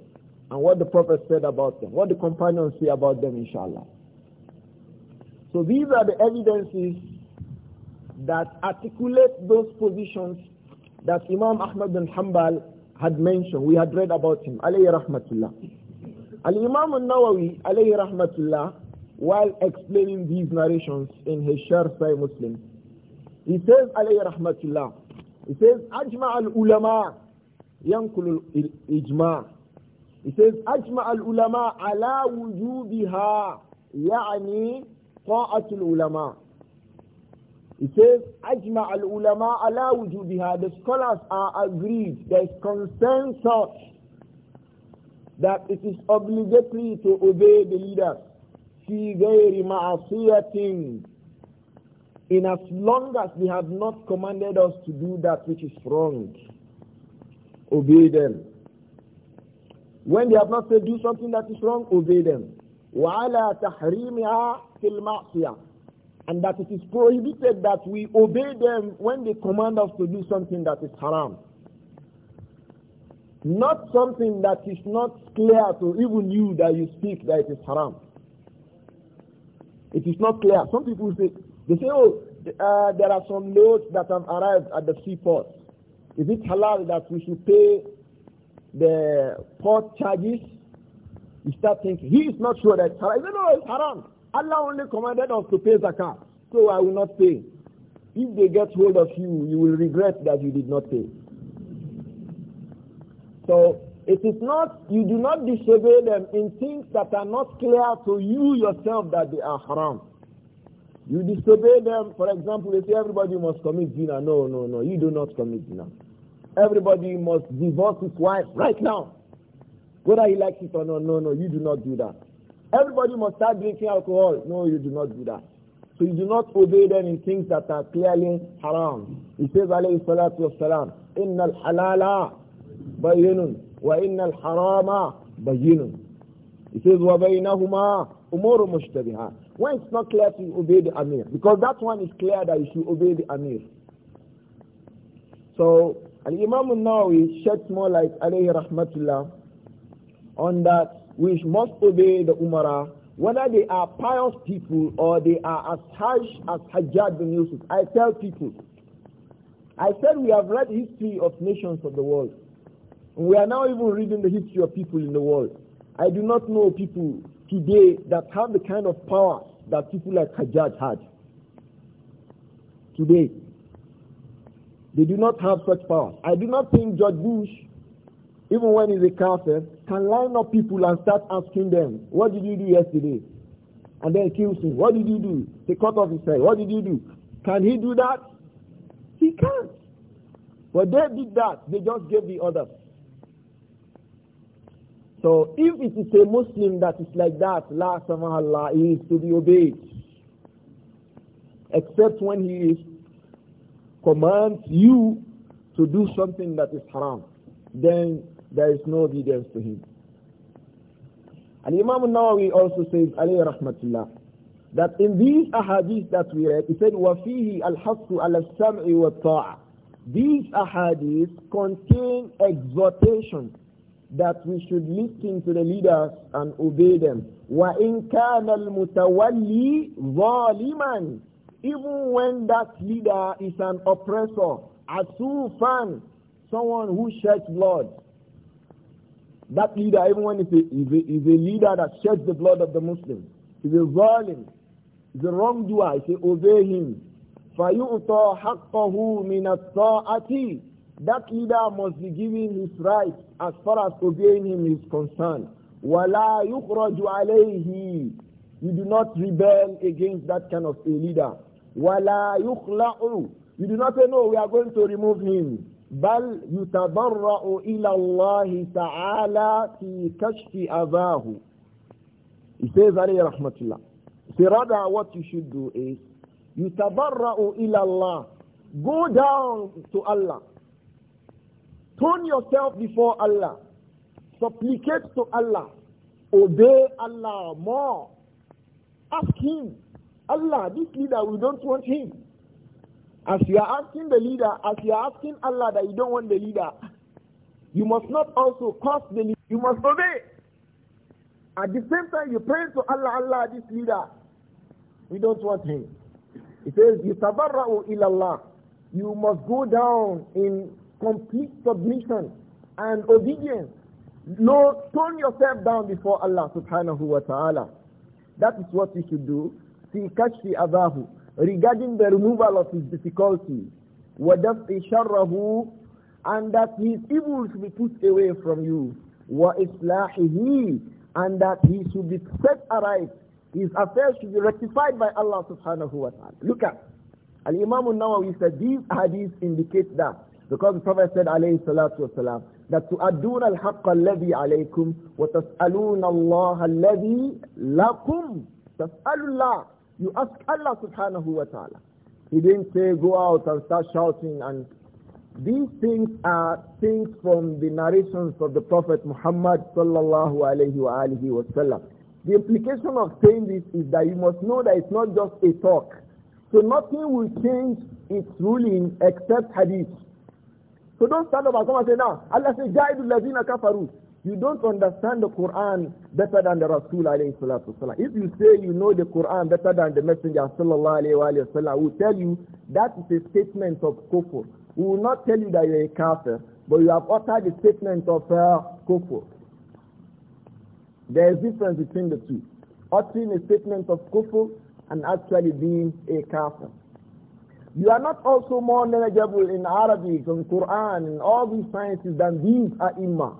and what the Prophet said about them, what the companions say about them, inshallah. So these are the evidences that articulate those positions that Imam Ahmad bin Hanbal had mentioned. We had read about him, alayhi rahmatullah. Al-Imam al-Nawawi, alayhi rahmatullah, while explaining these narrations in his Sharh Muslim, He says, alayhi rahmatullah, he says, ajma al-ulama, yankul al-ijma. He says, ajma al-ulama ala wujubiha, يعني طاعة العلماء. He says, ajma al-ulama ala wujubiha. The scholars are agreed. There is consensus that it is obligatory to obey the leaders. في غير معصية in as long as they have not commanded us to do that which is wrong, obey them. When they have not said do something that is wrong, obey them. وَعَلَى تَحْرِيمِهَا فِي الْمَعْصِيَةِ And that it is prohibited that we obey them when they command us to do something that is haram. Not something that is not clear to even you that you speak that it is haram. It is not clear. Some people say, they say, oh, uh, there are some loads that have arrived at the seaport. Is it halal that we should pay the port charges? You start thinking, he is not sure that it's halal. He said, no, it's haram. Allah only commanded us to pay zakat, so I will not pay. If they get hold of you, you will regret that you did not pay. So it is not, you do not disobey them in things that are not clear to you yourself that they are haram. You disobey them. For example, they say everybody must commit zina. No, no, no. You do not commit zina. Everybody must divorce his wife right now. Whether he likes it or not, no, no, you do not do that. Everybody must start drinking alcohol. No, you do not do that. So you do not obey them in things that are clearly haram. He says, alayhi salatu al-halala bayinun wa inna al-harama بَيِّنٌ He says, وَبَيْنَهُمَا أُمُورُ mushtabihah. When it's not clear to you, obey the Amir. Because that one is clear that you should obey the Amir. So, and Imam Nawawi sheds more light, alayhi rahmatullah, on that which must obey the Umara, whether they are pious people or they are as harsh as Hajjaj bin Yusuf. I tell people, I said we have read history of nations of the world. We are now even reading the history of people in the world. I do not know people today that have the kind of power that people like Hajjaj had. Today, they do not have such power. I do not think George Bush, even when he's a kafir, can line up people and start asking them, what did you do yesterday? And then kills him. What did you do? They cut off his head. What did you do? Can he do that? He can't. But they did that. They just gave the others. So if it is a Muslim that is like that, La Allah, he is to be obeyed. Except when he is, commands you to do something that is haram. Then there is no obedience to him. And Imam Nawawi also says, alayhi rahmatullah, that in these ahadith that we read, he said, وَفِيهِ الْحَصُّ عَلَى السَّمْعِ وَالطَّاعَةِ These ahadith contain exhortation that we should listen to the leaders and obey them. وَإِنْ كَانَ الْمُتَوَلِّي ظَالِمًا Even when that leader is an oppressor, sufan, someone who sheds blood. That leader, even when he's a, he's a, he's a leader that sheds the blood of the Muslims, he's a violent, he's a wrongdoer, he say, obey him. فَيُؤْتَى حَقَّهُ مِنَ الطَّاعَةِ that leader must be given his rights as far as obeying him is concerned. وَلَا يُخْرَجُ عَلَيْهِ You do not rebel against that kind of a leader. وَلَا يُخْلَعُ You do not say, no, we are going to remove him. بَلْ يُتَضَرَّعُ إِلَى اللَّهِ تَعَالَى فِي كَشْفِ أَذَاهُ He says, عليه رحمة الله. Say, rather, what you should do is, يُتَضَرَّعُ إِلَى اللَّهِ Go down to Allah. Turn yourself before Allah. Supplicate to Allah. Obey Allah more. Ask Him. Allah, this leader, we don't want him. As you are asking the leader, as you are asking Allah that you don't want the leader, you must not also curse the leader. You must obey. At the same time, you pray to Allah, Allah, this leader, we don't want him. It says, you إلى الله. You must go down in complete submission and obedience. No, turn yourself down before Allah subhanahu wa ta'ala. That is what you should do. See kashfi abahu. Regarding the removal of his difficulties. وَدَفْءِ شَرَّهُ And that his evil should be put away from you. وَإِصْلَاحِهِ And that he should be set aright. His affairs should be rectified by Allah subhanahu wa ta'ala. Look at. Al-Imam al-Nawawi said these hadiths indicate that because the Prophet said, alayhi salatu wasalam, that to adun al haqqa alladhi alaykum wa tas'alun Allah alladhi lakum. Tas'alullah. You ask Allah subhanahu wa ta'ala. He didn't say go out and start shouting and these things are things from the narrations of the Prophet Muhammad sallallahu alayhi wa alihi wasallam. The implication of saying this is that you must know that it's not just a talk. So nothing will change its ruling except hadith. So don't stand up and come and say, now, Allah says, Jaidu lazina kafaru. You don't understand the Quran better than the Rasul alayhi salatu wasalam. If you say you know the Quran better than the Messenger sallallahu alayhi wa sallam, will tell you that is a statement of kufr. We will not tell you that you are a kafir, but you have uttered the statement of uh, kufr. There is difference between the two. Uttering a statement of kufr and actually being a kafir. You are not also more knowledgeable in Arabic, and Quran, and all these sciences than these are imam.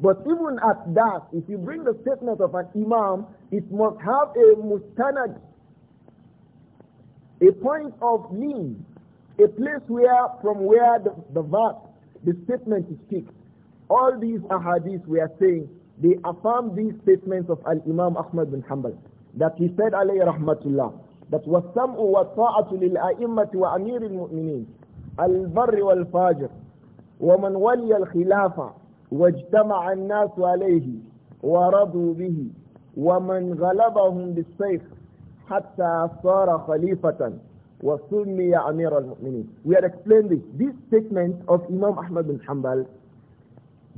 But even at that, if you bring the statement of an imam, it must have a mustanad, a point of lean, a place where from where the, the verse, the statement is picked. All these ahadith we are saying, they affirm these statements of Al-Imam Ahmad bin Hanbal, that he said alayhi rahmatullah, that was sam'u wa ta'atu lil a'immati wa amiril mu'minin al barr wal fajr wa man al khilafa wajtama'a an nas alayhi wa radu bihi wa man ghalabahum bis sayf hatta sara khalifatan wa sumiya amir al mu'minin we are explained this statement of imam ahmad bin hanbal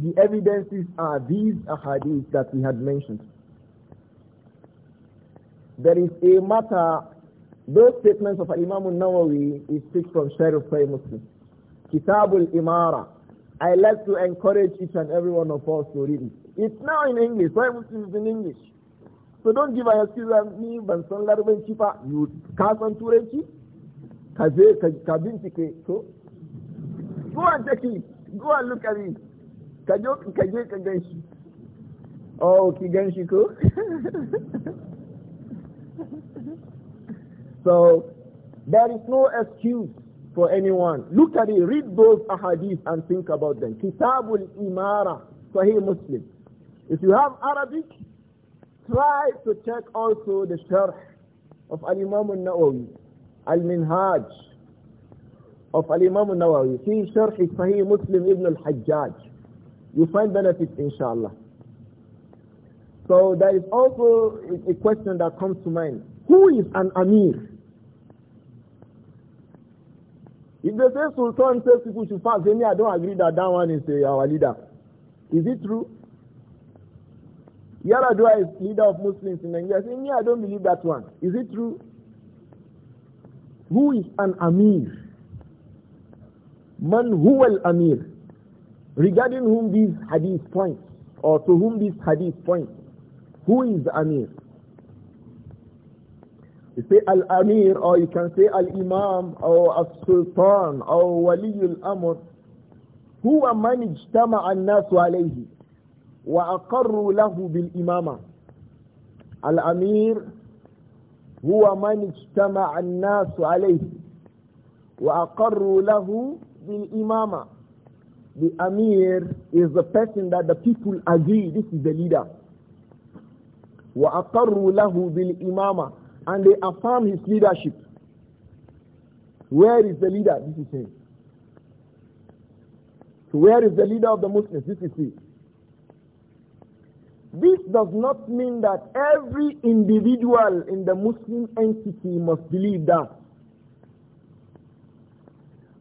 the evidences are these ahadith that we had mentioned there is a matter those statements of Imam al-Nawawi is picked from Sharif Sahih Muslim. Kitabul Imara. I like to encourage each and every one of us to read it. It's now in English. Why Muslim is in English? So don't give an excuse of me, ban san larabanci chipa. you ka san turanci? Ka je ka so. Go and check it. Go and look at it. Ka je ka Oh, ki gan ko? So there is no excuse for anyone. Look at it, read those ahadith and think about them. Kitabul Imara, Sahih Muslim. If you have Arabic, try to check also the Sharh of Al-Imam al-Nawawi, Al-Minhaj of Al-Imam al-Nawawi. See Sharh Sahih Muslim Ibn al-Hajjaj. You find benefits inshallah. So there is also a question that comes to mind. Who is an Amir? If they say Sultan says people should fast, then I don't agree that that one is uh, our leader. Is it true? Yaradua is leader of Muslims in Nigeria. Say, me, I don't believe that one. Is it true? Who is an Amir? Man who will amir Regarding whom these hadith points, or to whom these hadith points, who is Amir? You say Al-Amir or you can say Al-Imam or Al-Sultan or Wali Waliyul Amr. Who al هو من اجتمع الناس عليه وأقروا له بالإمامة الأمير هو من اجتمع الناس عليه وأقروا له بالإمامة The Amir is the person that the people agree, this is the leader. وأقروا له بالإمامة and they affirm his leadership. Where is the leader? This is him. So where is the leader of the Muslims? This is he. This does not mean that every individual in the Muslim entity must believe that.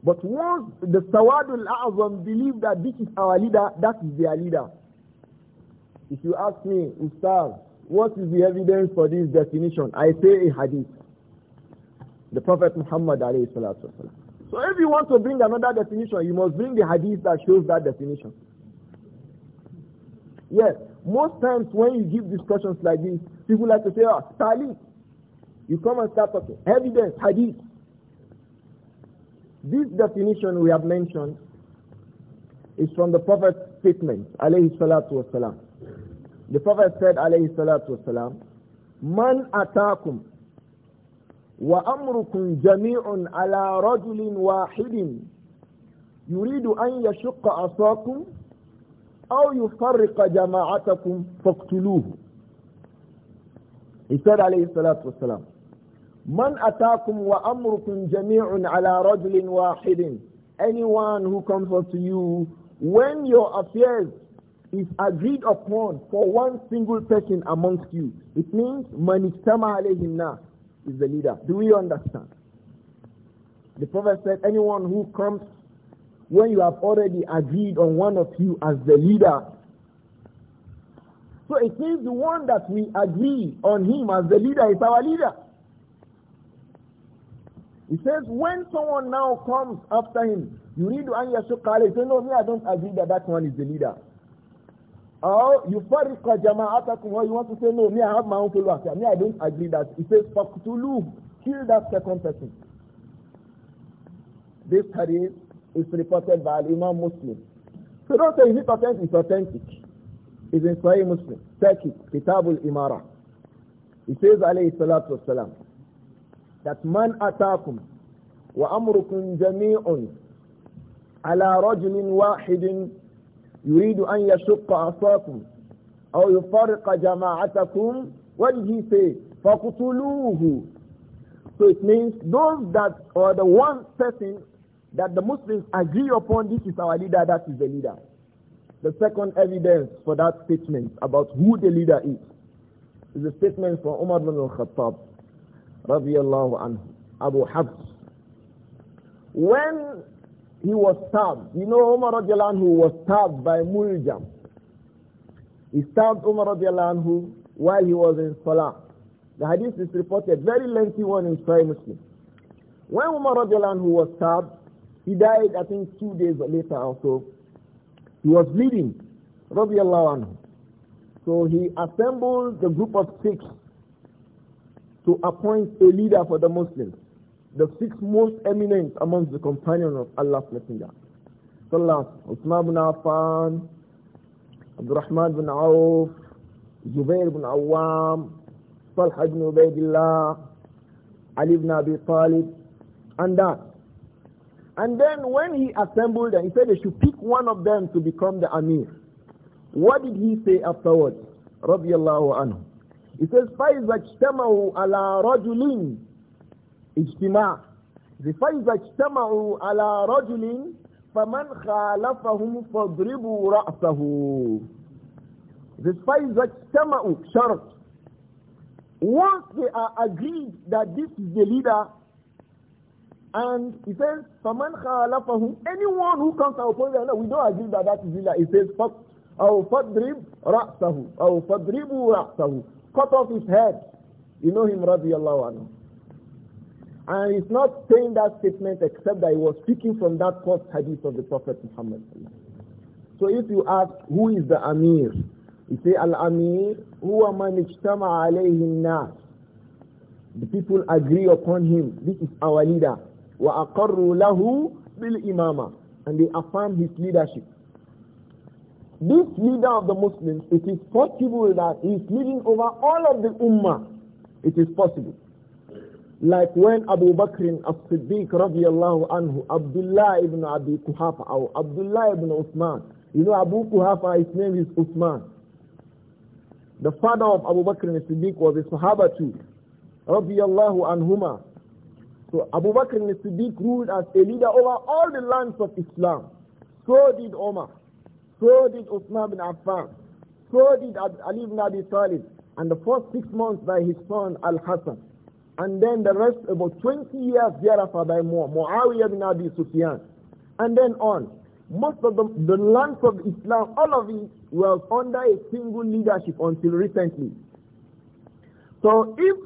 But once the Sawadul Azam believe that this is our leader, that is their leader. If you ask me, Ustaz, what is the evidence for this definition? I say a hadith. The Prophet Muhammad alayhi salatu So if you want to bring another definition, you must bring the hadith that shows that definition. Yes, most times when you give discussions like this, people like to say, oh, ah, Talib. You come and start talking. Evidence, hadith. This definition we have mentioned is from the Prophet's statement, alayhi salatu wasalam. The Prophet said, alayhi salatu wasalam, Man atakum wa amrukum jami'un ala rajulin wahidin yuridu an yashqa asakum aw yufarriqa jama'atakum faqtuluhu. He said, alayhi salatu wasalam, Man atakum wa amrukum jami'un ala rajulin wahidin. Anyone who comes unto you, when your affairs is agreed upon for one single person amongst you. It means manistama alayhim is the leader. Do we understand? The Prophet said, anyone who comes when you have already agreed on one of you as the leader. So it means the one that we agree on him as the leader is our leader. He says, when someone now comes after him, you read to Anya Shokale, say, no, me, I don't agree that that one is the leader. Or you farriqa jama'atakum or you want to say, no, me, I have my own followers. Me, I don't agree that. he says, faqtulu, kill that second person. This hadith is reported by Imam Muslim. So don't say, is it authentic? It's authentic. It's in Sahih Muslim. Take it. Kitabul Imara. He says, alayhi salatu wasalam, that man atakum wa amrukum jami'un ala rajulin wahidin يريد أن يشق عصاكم أو يفرق جماعتكم What did he say? فَقُتُلُوهُ So it means those that are the one person that the Muslims agree upon this is our leader, that is the leader. The second evidence for that statement about who the leader is is a statement from Umar bin al-Khattab radiallahu anhu, Abu Hafs. When he was stabbed. You know Umar radiallahu who was stabbed by Muljam. He stabbed Umar radiallahu while he was in Salah. The hadith is reported, very lengthy one in Sahih Muslim. When Umar radiallahu was stabbed, he died I think two days later or so. He was bleeding, radiallahu anhu. So he assembled the group of six to appoint a leader for the Muslims the six most eminent amongst the companions of Allah's Messenger. Salah, Uthman bin Affan, Abdurrahman bin Auf, Zubair bin Awam, Talha bin Ubaidillah, Ali bin Abi Talib, and that. And then when he assembled and he said they should pick one of them to become the Amir, what did he say afterwards? رضي الله عنه. He says, فَإِذَا اجْتَمَعُوا عَلَى رَجُلٍ Ijtima. The fact that ijtama'u ala rajulin faman khalafahum fadribu ra'sahu. The fact that ijtama'u sharat. Once they are agreed that this is the leader, and he says, فَمَنْ خَالَفَهُمْ Anyone who comes and opposes Allah, we don't agree that that is Allah. He says, fadribu فَضْرِبْ رَأْسَهُ أَوْ فَضْرِبُوا رَأْسَهُ Cut off his head. You know him, رضي الله عنه. And he's not saying that statement except that he was speaking from that first hadith of the Prophet Muhammad. So if you ask, who is the Amir? You say, Al-Amir, huwa man ijtama alayhi nas. The people agree upon him. This is our leader. Wa وَأَقَرُّوا bil imama, And they affirm his leadership. This leader of the Muslims, it is possible that he is leading over all of the Ummah. It is possible. Like when Abu Bakr as-Siddiq radiallahu anhu, Abdullah ibn Abi Kuhafa, or Abdullah ibn Uthman. You know Abu Kuhafa, his name is Uthman. The father of Abu Bakr as-Siddiq was a Sahaba too, radiallahu anhuma. So Abu Bakr as-Siddiq ruled as a leader over all the lands of Islam. So did Omar. So did Uthman ibn Affan. So did Ali ibn Abi Talib. And the first six months by his son Al-Hassan and then the rest about 20 years thereafter by more, Muawiyah bin Abi Sufyan, and then on. Most of the, the lands of Islam, all of it was under a single leadership until recently. So if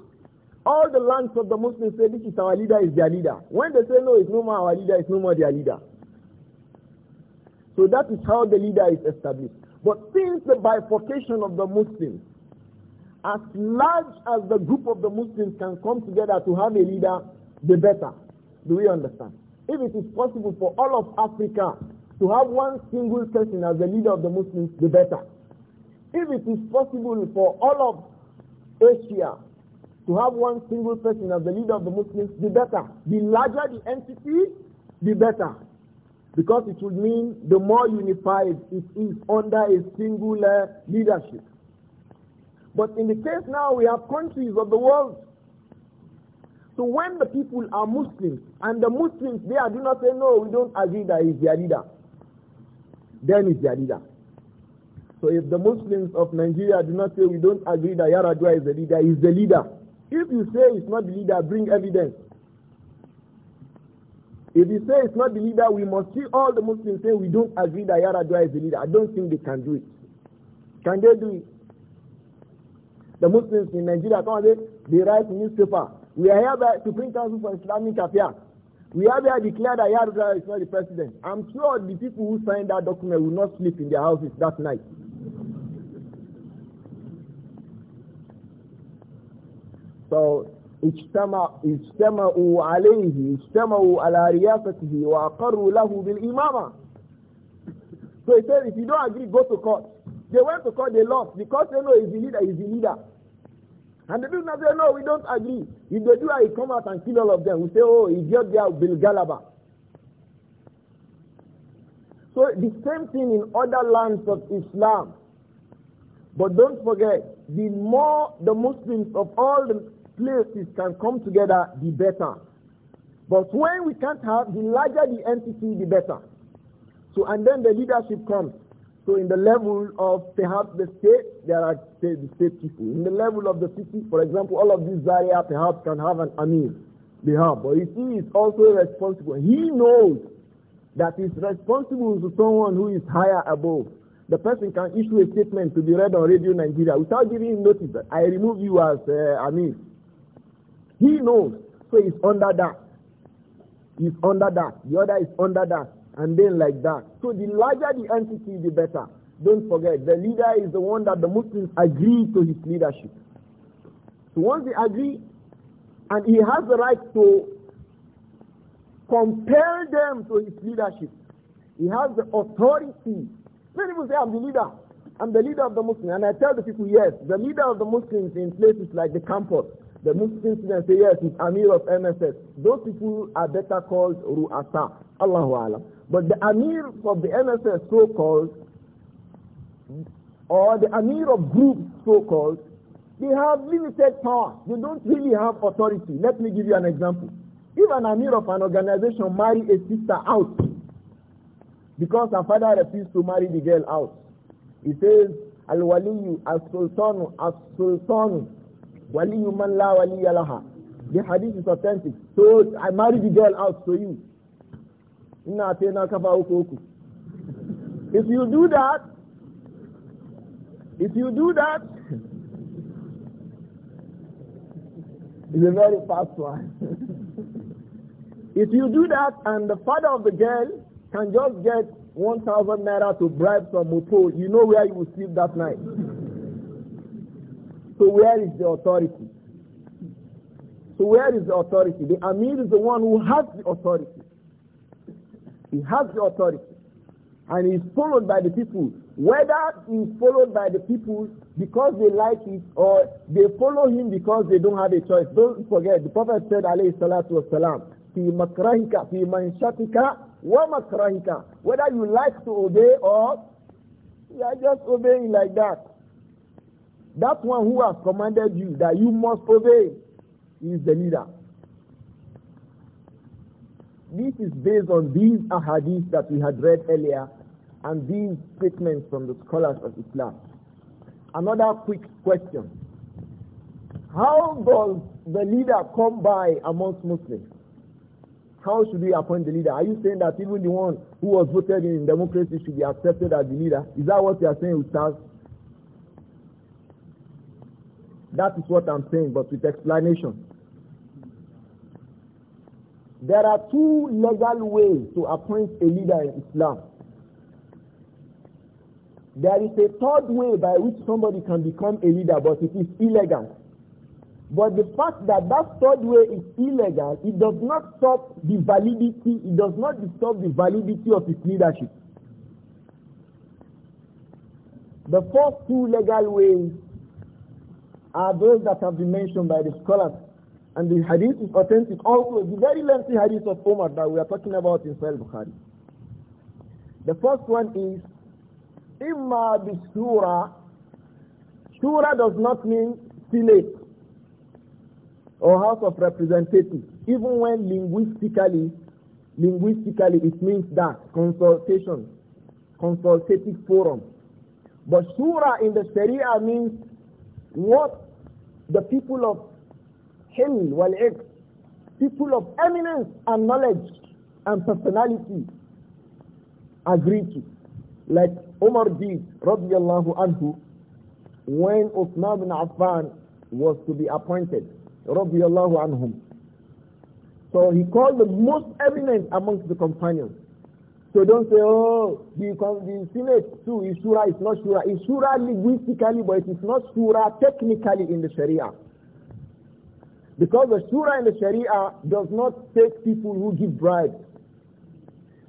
all the lands of the Muslims say this is our leader, is their leader, when they say no, it's no more our leader, it's no more their leader. So that is how the leader is established. But since the bifurcation of the Muslims, as large as the group of the Muslims can come together to have a leader, the better. Do we understand? If it is possible for all of Africa to have one single person as the leader of the Muslims, the better. If it is possible for all of Asia to have one single person as the leader of the Muslims, the better. The larger the entity, the better. Because it would mean the more unified it is under a singular leadership. But in the case now, we have countries of the world. So when the people are Muslims, and the Muslims, they are, do not say, no, we don't agree that he's their leader. Then he's their leader. So if the Muslims of Nigeria do not say, we don't agree that Yaradua is the leader, he's the leader. If you say it's not the leader, bring evidence. If you say it's not the leader, we must see all the Muslims say we don't agree that Yaradua is the leader. I don't think they can do it. Can they do it? the Muslims in Nigeria, they write newspaper. We are here by, to print out for Islamic affairs. We are there declared that Yarudra is not the president. I'm sure the people who signed that document will not sleep in their houses that night. So اجتمعوا عليه اجتمعوا على رياسته وأقروا له بالإمامة So he said, if you don't agree, go to court. They went to court, they lost because they know he's the leader, he's the leader. And the people now say, no, we don't agree. If they do, I come out and kill all of them. We say, oh, he just there Bill Galaba. So the same thing in other lands of Islam. But don't forget, the more the Muslims of all the places can come together, the better. But when we can't have, the larger the entity, the better. So, and then the leadership comes. So in the level of perhaps the state, there are state, state people. In the level of the city, for example, all of these area perhaps can have an amir. They have. But you see, he's also responsible. He knows that he's responsible to someone who is higher above. The person can issue a statement to be read on Radio Nigeria without giving him notice that I remove you as uh, amir. He knows. So he's under that. He's under that. The other is under that and then like that. So the larger the entity, the better. Don't forget, the leader is the one that the Muslims agree to his leadership. So once they agree, and he has the right to compel them to his leadership, he has the authority. Many people say, I'm the leader. I'm the leader of the Muslims. And I tell the people, yes, the leader of the Muslims in places like the campus, the Muslim students say, yes, it's Amir of MSS. Those people are better called Ru'asa. Allahu Alam. But the Amir of the NSS so-called, or the Amir of groups so-called, they have limited power. They don't really have authority. Let me give you an example. If an Amir of an organization marry a sister out, because her father refused to marry the girl out, he says, Al-Waliyu, Al-Sultanu, Al-Sultanu, Waliyu man la waliya laha. The hadith is authentic. So I marry the girl out to so you. If you do that, if you do that, it's a very fast one. if you do that and the father of the girl can just get 1,000 naira to bribe some mopo, you know where you will sleep that night. So where is the authority? So where is the authority? The Amir is the one who has the authority. He has the authority. And he is followed by the people. Whether he is followed by the people because they like it or they follow him because they don't have a choice. Don't forget, the Prophet said, alayhi salatu wasalam, fi makrahika, fi manshatika, wa makrahika. Whether you like to obey or you are just obeying like that. That one who has commanded you that you must obey is the leader. This is based on these ahadith that we had read earlier and these statements from the scholars of Islam. Another quick question. How does the leader come by amongst Muslims? How should we appoint the leader? Are you saying that even the one who was voted in democracy should be accepted as the leader? Is that what you are saying, Ustaz? That is what I'm saying, but with explanation. There are two legal ways to appoint a leader in Islam. There is a third way by which somebody can become a leader, but it is illegal. But the fact that that third way is illegal, it does not stop the validity, it does not disturb the validity of its leadership. The first two legal ways are those that have been mentioned by the scholars and the hadith is authentic. Also, the very lengthy hadith of Omar that we are talking about in Sahih Bukhari. The first one is Imma Bishura. Shura does not mean Senate or House of Representatives, even when linguistically, linguistically it means that consultation, consultative forum. But Shura in the Sharia means what the people of hill wal people of eminence and knowledge and personality agree to. Like Omar did, radiallahu anhu, when Uthman bin Affan was to be appointed, radiallahu anhum. So he called the most eminent amongst the companions. So don't say, oh, the, the Senate too is Shura, it's not surah It's surah linguistically, but it is not surah technically in the Sharia. Because the shura in the sharia does not take people who give bribes.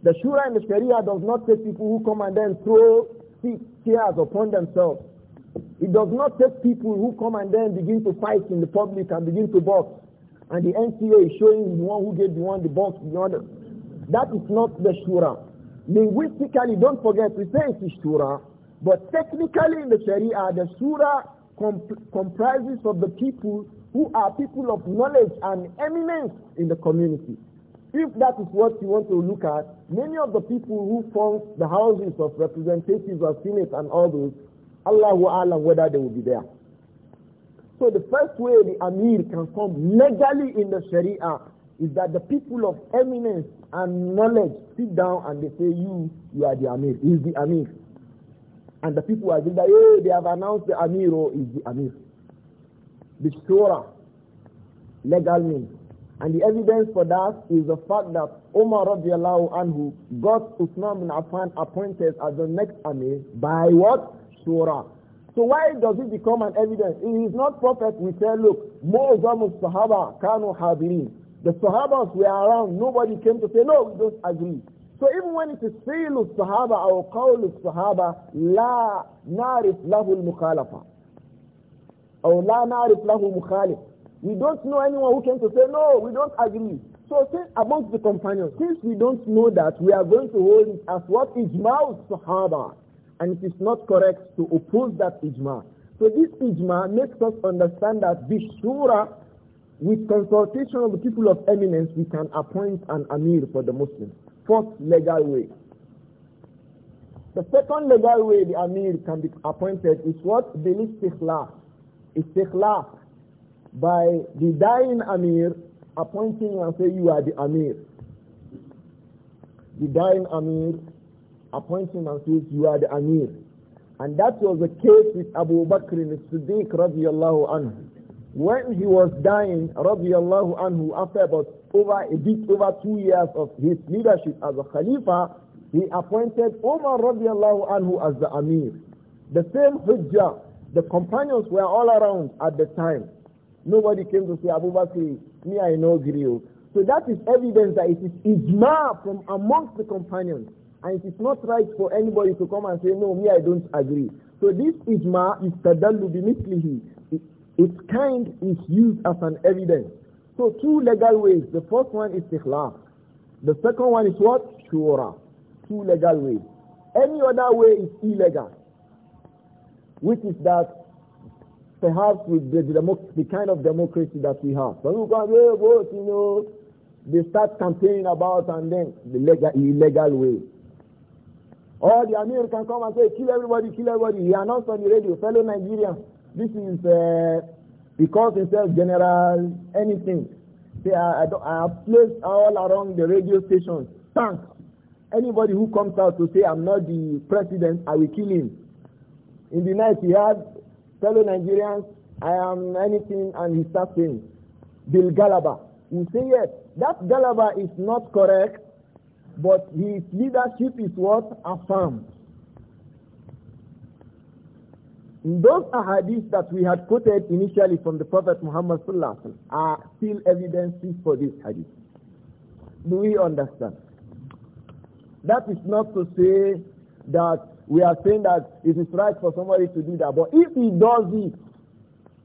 The shura in the sharia does not take people who come and then throw tears upon themselves. It does not take people who come and then begin to fight in the public and begin to box. And the NCA is showing the one who gave the one the box, the other. That is not the shura. Linguistically, don't forget, we say it is shura. But technically in the sharia, the shura comp comprises of the people who are people of knowledge and eminence in the community. If that is what you want to look at, many of the people who form the houses of representatives of Senate and all those, Allah will Allah whether they will be there. So the first way the Amir can come legally in the Sharia is that the people of eminence and knowledge sit down and they say, you, you are the Amir, he is the Amir. And the people are saying that, hey, they have announced the Amir, oh, is the Amir. Bishura, legal means. And the evidence for that is the fact that Omar radiallahu anhu got Uthman bin Affan appointed as the next Amir by what? Shura. So why does it become an evidence? It is not prophet we say, look, Mu'zam sahaba kanu hadirin. The Sahabas were around, nobody came to say, no, we don't agree. So even when it is of sahaba or of sahaba la narif lahu al أو لا نعرف له مخالف we don't know anyone who came to say no we don't agree so since amongst the companions since we don't know that we are going to hold it as what ijma sahaba and it is not correct to oppose that ijma so this ijma makes us understand that this surah with consultation of the people of eminence we can appoint an amir for the muslims first legal way the second legal way the Amir can be appointed is what? Bilis Tikhla istikhlaf by the dying Amir appointing and say you are the Amir. The dying Amir appointing and says you are the Amir. And that was the case with Abu Bakr as-Siddiq radiallahu anhu. When he was dying radiallahu anhu after about over a bit over two years of his leadership as a Khalifa, he appointed Umar radiallahu anhu as the Amir. The same Hujjah the companions were all around at the time. Nobody came to say, Abu Bakr, me I know Griyo. So that is evidence that it is ijma from amongst the companions. And it is not right for anybody to come and say, no, me I don't agree. So this ijma is tadallu bimitlihi. Its kind is used as an evidence. So two legal ways. The first one is ikhlas. The second one is what? Shura. Two legal ways. Any other way is illegal which is that perhaps with the, the kind of democracy that we have. When you can hey, vote, you know, they start campaigning about and then the legal, illegal way. Or the American come and say, kill everybody, kill everybody. He announced on the radio, fellow Nigerians, this is, uh, he calls himself General anything. They are, I, have placed all around the radio stations, tanks. Anybody who comes out to say, I'm not the president, I will kill him. In the night, he had fellow Nigerians, I am anything, and he starts saying, Bill Galaba. We say, yes, that Galaba is not correct, but his leadership is what? Affirmed. In those ahadith that we had quoted initially from the Prophet Muhammad are still evidences for this hadith. Do we understand? That is not to say that we are saying that it is right for somebody to do that. But if he does it,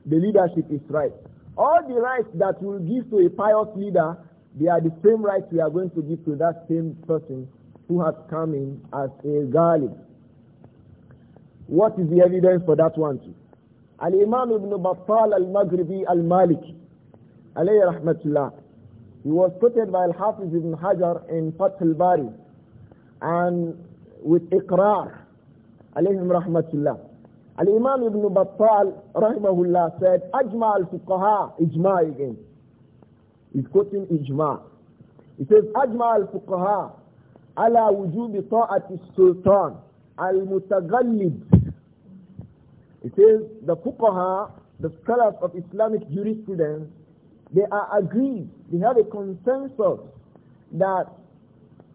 the leadership is right. All the rights that we give to a pious leader, they are the same rights we are going to give to that same person who has come in as a garlic. What is the evidence for that one too? Al-Imam ibn Battal al-Maghribi al-Maliki, alayhi rahmatullah, he was quoted by Al-Hafiz ibn Hajar in Fath al-Bari and with Iqrar alayhim rahmatullah. Al-Imam Ibn Battal rahimahullah said, Ajma al-fuqaha, ijma again. He's quoting ijma. He says, Ajma al-fuqaha ala wujubi ta'ati sultan al-mutaghallib. It says, the fuqaha, the scholars of Islamic jurisprudence, they are agreed, they have a consensus that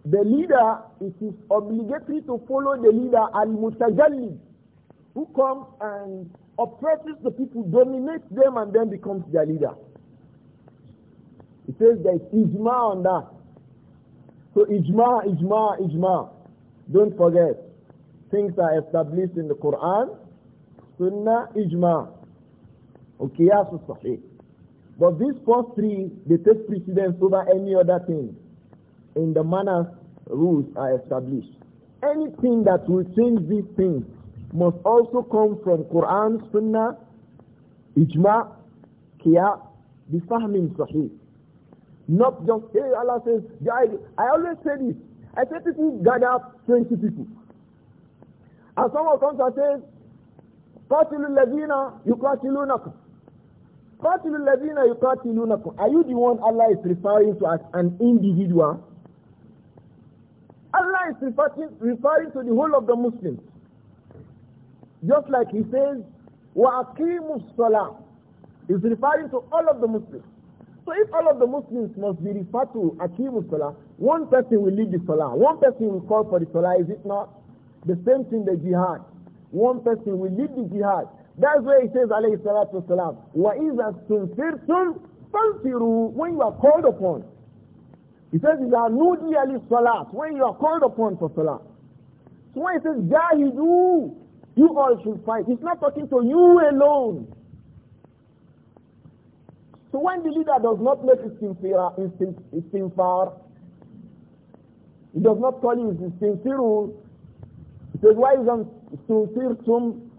the leader, it is obligatory to follow the leader al-mutajalli, who comes and oppresses the people, dominates them, and then becomes their leader. It says there is ijma on that. So ijma, ijma, ijma. Don't forget, things are established in the Quran, Sunnah, ijma. Okay, yes, sahih. But these first three, they take precedence over any other thing in the manner rules are established. Anything that will change these things must also come from Quran, Sunnah, Ijma, Qiyah, the Fahmin Sahih. Not just, hey, Allah says, I always say this. I say people gather 20 people. And someone comes and says, قاتلوا الذين يقاتلونكم قاتلوا الذين يقاتلونكم Are you the one Allah is referring to as an individual? Allah is referring, referring to the whole of the Muslims. Just like he says, وَأَقِيمُوا salam, is referring to all of the Muslims. So if all of the Muslims must be referred to Akimu Salah, one person will lead the Salah, one person will call for the Salah, is it not? The same thing the Jihad. One person will lead the Jihad. That's why he says, alayhi salatu salam, وَإِذَا سُنْفِرْتُمْ فَانْفِرُوا When you are called upon, he says, إِذَا نُودِيَ لِلصَّلَاةِ When you are called upon for salah. So when he says, جَاهِدُوا You all should fight. He's not talking to you alone. So when the leader does not make his istinfar, he does not call you his istinsirun. He says, why isn't istinsirtum?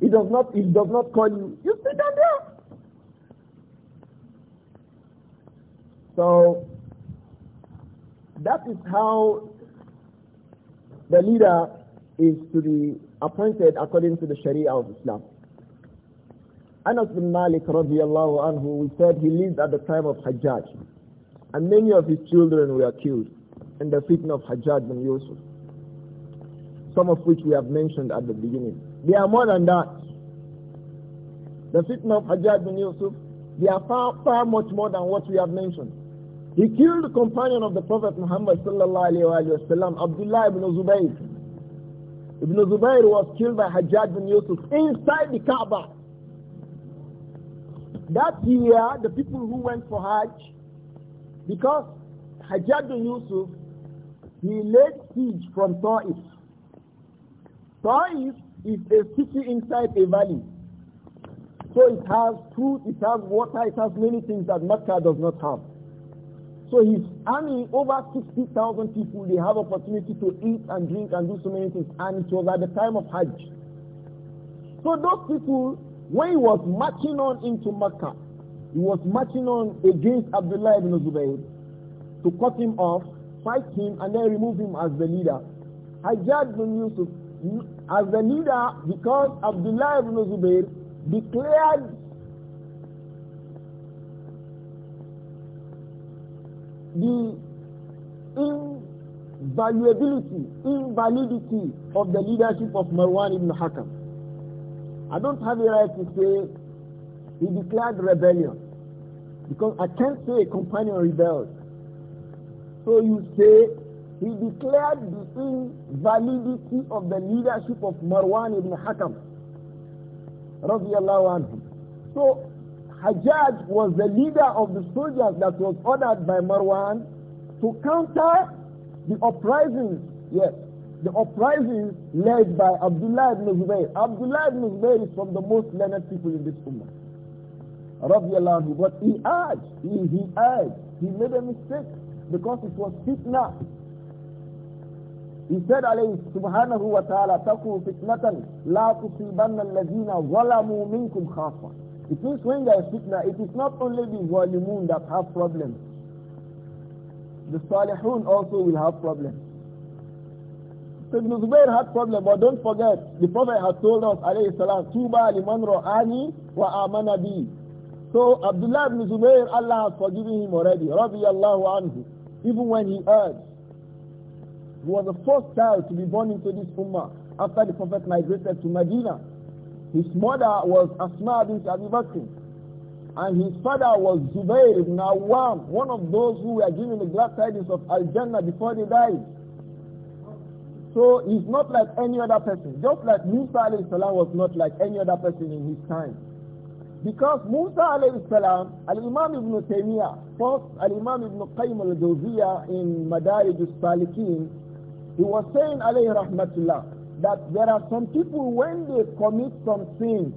He does not, he does not call you. You sit down there. So, that is how the leader is to be appointed according to the Sharia of Islam. Anas bin Malik radiallahu anhu, we said he lived at the time of Hajjaj. And many of his children were killed in the fitna of Hajjaj bin Yusuf. Some of which we have mentioned at the beginning. There are more than that. The fitna of Hajjaj bin Yusuf, they are far, far much more than what we have mentioned. He killed the companion of the Prophet Muhammad وسلم, Abdullah ibn Zubayr. Ibn Zubayr was killed by Hajjaj bin Yusuf inside the Kaaba. That year, the people who went for Hajj, because Hajjaj bin Yusuf, he laid siege from Ta'if. Ta'if is a city inside a valley. So it has food, it has water, it has many things that Mecca does not have. So his army, over 60,000 people, they have opportunity to eat and drink and do so many things. And it was at the time of Hajj. So those people, when he was marching on into Mecca, he was marching on against Abdullah ibn Zubayr to cut him off, fight him, and then remove him as the leader. Hajjaj ibn Yusuf, as the leader, because Abdullah ibn Zubayr declared the invaluability, invalidity of the leadership of Marwan ibn Hakam. I don't have the right to say he declared rebellion because I can't say a companion rebelled. So you say he declared the invalidity of the leadership of Marwan ibn Hakam. So Hajjaj was the leader of the soldiers that was ordered by Marwan to counter the uprisings, yes, the uprisings led by Abdullah ibn Zubayr. Abdullah ibn Zubayr is from the most learned people in this ummah. Radiallahu, but he urged, he, he urged, he made a mistake because it was fitna. He said alayhi subhanahu wa ta'ala, فِتْنَةً لَا تُصِيبَنَّ الَّذِينَ ظَلَمُوا مِنْكُمْ خَاصَةً it means when there is now, it is not only the zalimun that have problems. The salihun also will have problems. So Ibn Zubayr had problem, but don't forget, the Prophet had told us, alayhi salam, Tuba liman ra'ani wa amana bi. So Abdullah ibn Zubayr, Allah has forgiven him already, radiyallahu anhu, even when he erred. He was the first child to be born into this ummah after the Prophet migrated to Medina. His mother was Asma bint Abi Bakr. And his father was Zubair ibn Awam, one of those who were given the glad tidings of Al-Jannah before they died. So he's not like any other person. Just like Musa alayhi salam was not like any other person in his time. Because Musa alayhi salam, Al-Imam ibn Taymiyyah, first Al-Imam ibn Qayyim al-Jawziyah in Madarij al-Salikin, he was saying alayhi rahmatullah, that there are some people when they commit some sins,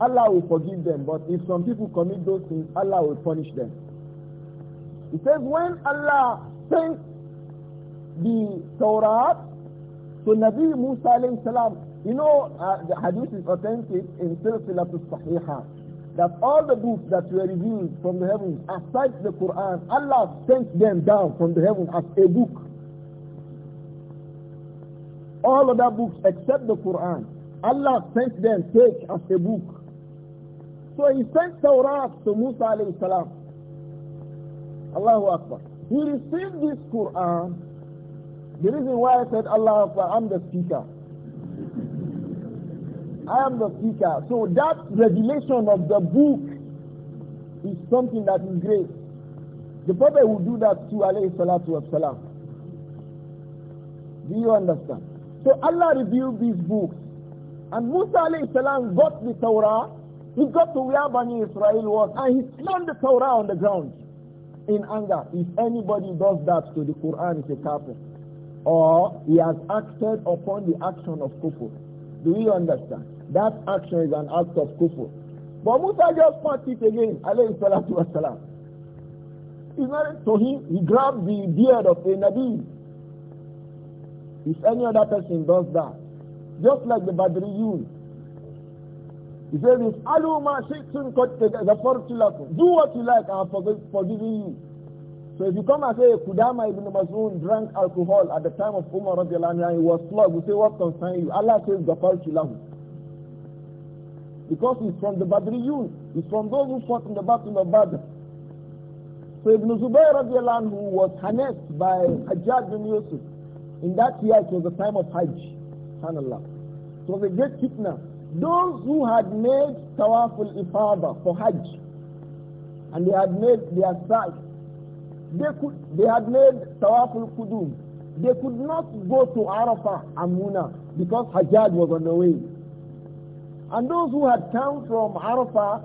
Allah will forgive them. But if some people commit those sins, Allah will punish them. He says when Allah sent the Torah to Nabi Musa alayhi salam, you know uh, the hadith is authentic in Silsilat al-Sahiha that all the books that were revealed from the heavens aside the Quran, Allah sent them down from the heavens as a book all other books except the Quran. Allah sent them take as a book. So he sent Torah to Musa alayhi salam. Allahu Akbar. He received this Quran. The reason why I said Allah Akbar, I'm the speaker. I am the speaker. So that revelation of the book is something that is great. The Prophet will do that to alayhi salatu wasalam. Do you understand? So Allah revealed these books. And Musa salam got the Torah. He got to where Bani Israel was and he slammed the Torah on the ground in anger. If anybody does that to the Quran, it's a kafir. Or he has acted upon the action of kufr. Do you understand? That action is an act of kufr. But Musa just fought it again, alayhi salatu wasalam. He married to him, he grabbed the beard of a Nabi if any other person does that, just like the Badriyun, he says, if Aluma Shaitun Kotkulakum, do what you like, I am forgiving you. So if you come and say Kudama ibn Mazun drank alcohol at the time of Umar and he was flogged, we say what concerns you? Allah says Gafar Shilahu. Because he's from the Badriyun, he's from those who fought in the Battle of Badr. So Ibn Zubayr who was harnessed by Hajjaj bin Yusuf, in that year, it was the time of Hajj. Subhanallah. It was a great fitna. Those who had made Tawaful Ifada for Hajj, and they had made their sa'i, they, could, they had made Tawaful kudum. They could not go to Arafah and Muna because Hajj was on the way. And those who had come from Arafah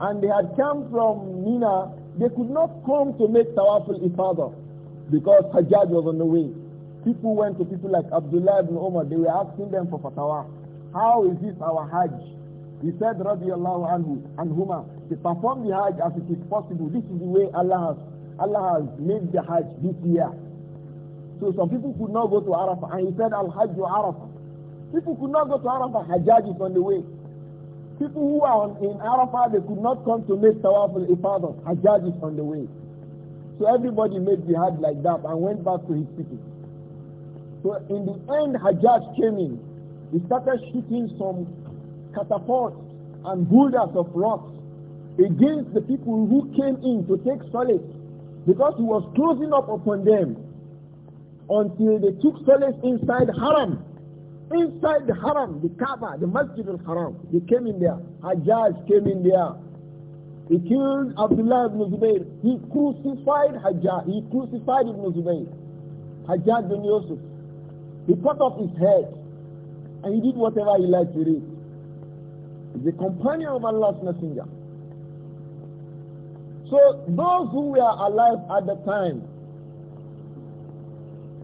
and they had come from Mina, they could not come to make Tawaful Ifada because Hajj was on the way. People went to people like Abdullah ibn Umar. They were asking them for fatwa. How is this our Hajj? He said, radiallahu anhu, anhuma, they perform the Hajj as it is possible. This is the way Allah has, Allah has made the Hajj this year. So some people could not go to Arafah. And he said, Al-Hajj Arafah. People could not go to Arafah. Hajjaj is on the way. People who are on, in Arafah, they could not come to make Tawaf al-Ifadah. Hajjaj is on the way. So everybody made the Hajj like that and went back to his people. So in the end, Hajjaj came in. He started shooting some catapults and boulders of rocks against the people who came in to take solace because he was closing up upon them until they took solace inside Haram. Inside the Haram, the Kaaba, the Masjid al-Haram, they came in there. Hajjaj came in there. He killed Abdullah ibn Zubayr. He crucified Hajjaj. He crucified ibn Zubayr. Hajjaj bin Yusuf. He cut off his head and he did whatever he liked with it. He's a companion of Allah's messenger. So those who were alive at the time,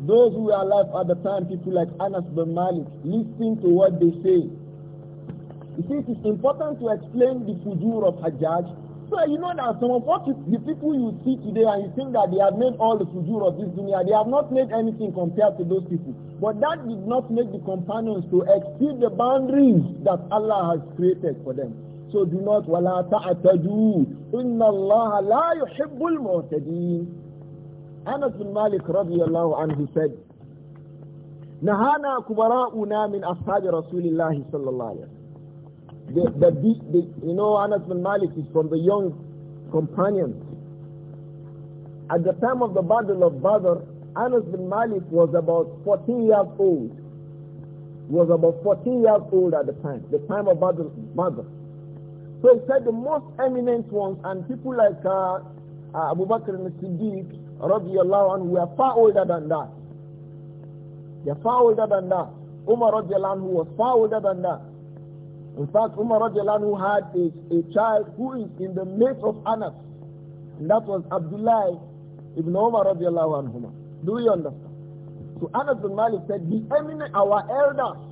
those who were alive at the time, people like Anas bin Malik, listening to what they say. You see, it is important to explain the fujur of Hajjaj you know that some of what the people you see today and you think that they have made all the sujur of this dunya, they have not made anything compared to those people. But that did not make the companions to exceed the boundaries that Allah has created for them. So do not wala ta'tadu. Inna Allah la yuhibbul mu'tadin. Anas bin Malik radiyallahu anhu said, nahana kubarauna min أصحاب Rasulillahi sallallahu. صلى الله عليه the, the, the, you know, Anas bin Malik is from the young companions. At the time of the Battle of Badr, Anas bin Malik was about 14 years old. He was about 14 years old at the time, the time of Badr. Badr. So he said the most eminent ones and people like uh, uh, Abu Bakr and siddiq radiallahu anhu, were far older than that. They are far older than that. Umar radiallahu anhu was far older than that. In fact, Umar who had a, a child who is in the midst of Anas. And that was Abdullah ibn Umar radiallahu Anhu. Do you understand? So Anas bin Malik said, the eminent, our elders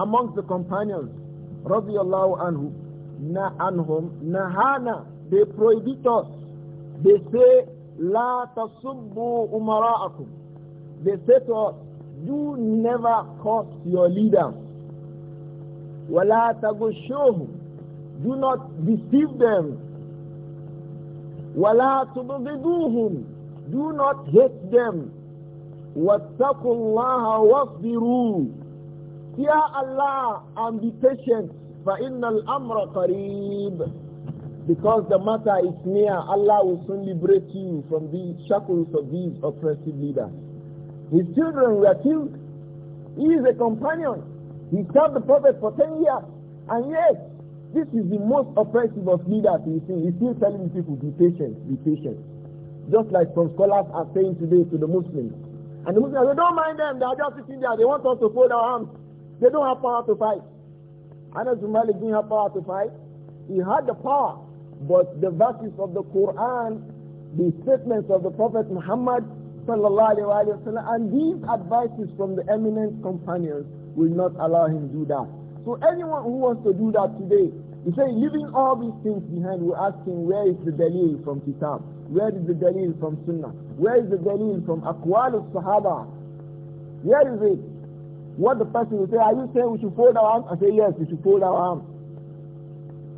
amongst the companions, radiallahu anhu, na anhum, nahana, they prohibit us. They say, la tasubbu umara'akum. They say to us, you never curse your leaders. وَلَا تَغُشُّوهُمْ Do not deceive them. وَلَا تُبْغِضُوهُمْ Do not hate them. وَاتَّقُوا اللَّهَ وَاصْبِرُوا Fear Allah and be patient. فَإِنَّ الْأَمْرَ قَرِيبٌ Because the matter is near, Allah will soon liberate you from the shackles of these oppressive leaders. His children were killed. He is a companion. He served the prophet for 10 years. And yet, this is the most oppressive of leaders you see. He's still telling people, be patient, be patient. Just like some scholars are saying today to the Muslims. And the Muslims, they don't mind them. They are just sitting there. They want us to fold our arms. They don't have power to fight. Anas Malik didn't have power to fight. He had the power, but the verses of the Quran, the statements of the Prophet Muhammad, وسلم, and these advices from the eminent companions will not allow him do that. So anyone who wants to do that today, he say leaving all these things behind, we ask him, where is the dalil from Kitab? Where is the dalil from Sunnah? Where is the dalil from Aqwal al-Sahaba? Where is it? What the person will say, are you saying we should fold our arms? I say, yes, we should fold our arms.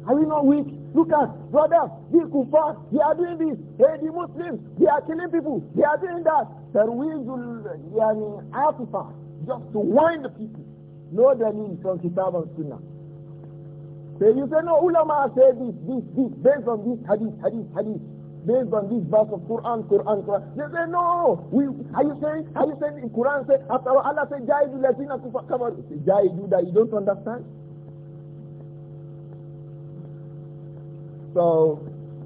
Are we not weak? Look at, brothers, this kufar, they are doing this. Hey, the Muslims, they are killing people. They are doing that. Tarweezul yani afifa, just to wind the people. No dalil from Kitab and Sunnah. So you say, no, ulama say this, this, this, based on this hadith, hadith, hadith, based on this verse of Quran, Quran, Quran. They say, no, we, are you saying, are you saying in Quran say, after Allah say, jaidu lazina kufa kamar, jaidu that you don't understand? So,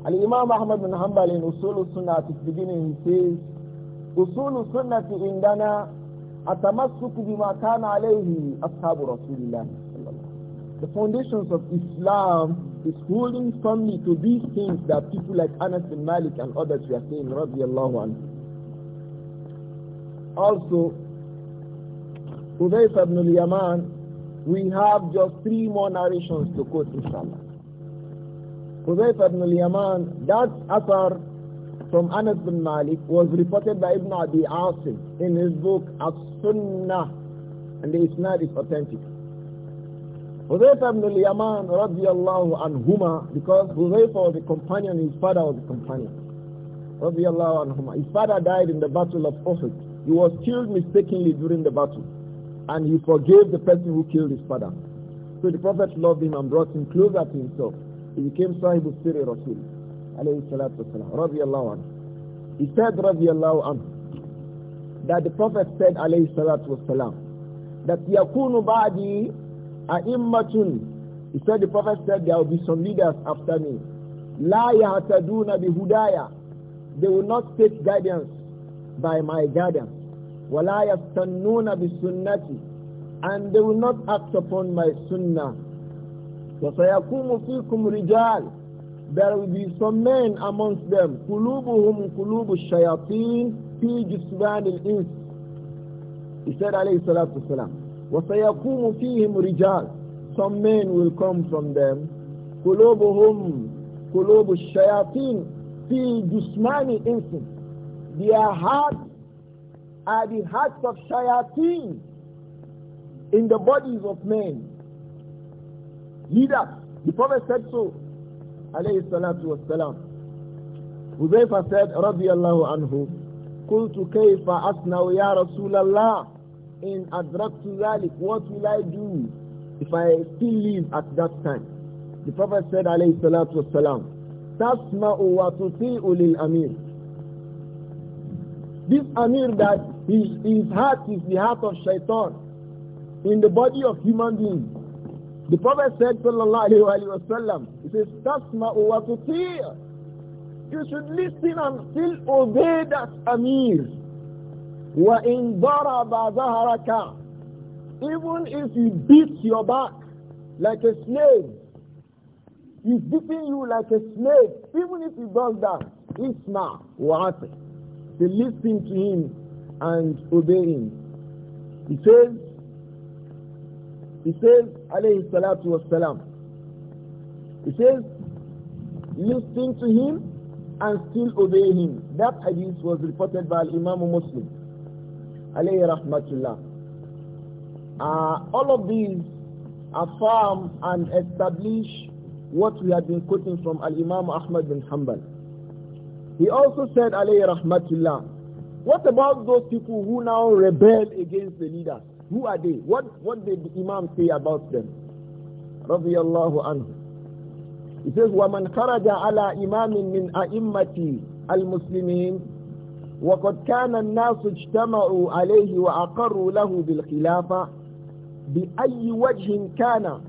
Al-Imam Ahmad bin Hanbal in Usul Sunnah at the beginning, he says, Usul Sunnah indana the foundations of Islam is holding firmly to these things that people like Anas bin Malik and others were saying, radiallahu anhu. Also, today ibn al-Yaman, we have just three more narrations to quote, inshallah. Hudayf ibn al-Yaman, that Athar from Anas bin Malik was reported by Ibn Abi Asim in his book As-Sunnah and the Isnad is authentic. Hudayfa ibn al-Yaman radiyallahu anhuma because Hudayfa was a companion, his father was a companion. Radiyallahu anhuma. His father died in the battle of Uhud. He was killed mistakenly during the battle and he forgave the person who killed his father. So the Prophet loved him and brought him closer to himself. He became Sahib Siri Rasul alayhi salatu wasalam, radiallahu anhu. He said, radiallahu anhu, that the Prophet said, alayhi salatu wasalam, that yakunu ba'di a'immatun. He said, the Prophet said, there will be some leaders after me. La yahtaduna bihudaya. They will not take guidance by my guidance. Wala yastannuna bisunnati. And they will not act upon my sunnah. وَسَيَكُومُ فِيكُمْ رِجَالٌ there will be some men amongst them قلوبهم shayatin الشياطين في al الإنس he said "Alayhi salatu الصلاة wa وسيقوم فيهم رجال some men will come from them قلوبهم قلوب shayatin في جسمان الإنس their hearts are the hearts of shayatin in the bodies of men leaders the prophet said so alayhi salatu was salam. said, said, Allah anhu, قلت كيف أصنع يا رسول الله in أدركت ذلك what will I do if I still live at that time the Prophet said عليه الصلاة والسلام تسمع وتطيع للأمير this Amir that his, his heart is the heart of shaitan in the body of human beings the Prophet said, sallallahu alayhi wa sallam, he says, tasma'u wa tuti'ah. You should listen and still obey that Amir. in ضَرَبَ ظَهْرَكَ Even if he beats your back like a slave, he's beating you like a slave, even if he does that, isma wa'ati. To listen to him and obey him. He says, he says, alayhi salatu salam. he says, listen to him and still obey him. That hadith was reported by Imam Muslim, alayhi rahmatullah. Uh, all of these affirm and establish what we have been quoting from Al-Imam Ahmad bin Hanbal. He also said, alayhi rahmatullah, what about those people who now rebel against the leaders? Who are they? What, what did the Imam say about them? رضي الله عنه. He says, وَمَنْ خَرَجَ عَلَى إِمَامٍ مِنْ أَئِمَّةِ المسلمين وقد كان الناس اجتمعوا عليه وأقروا له بالخلافة بأي وجه كان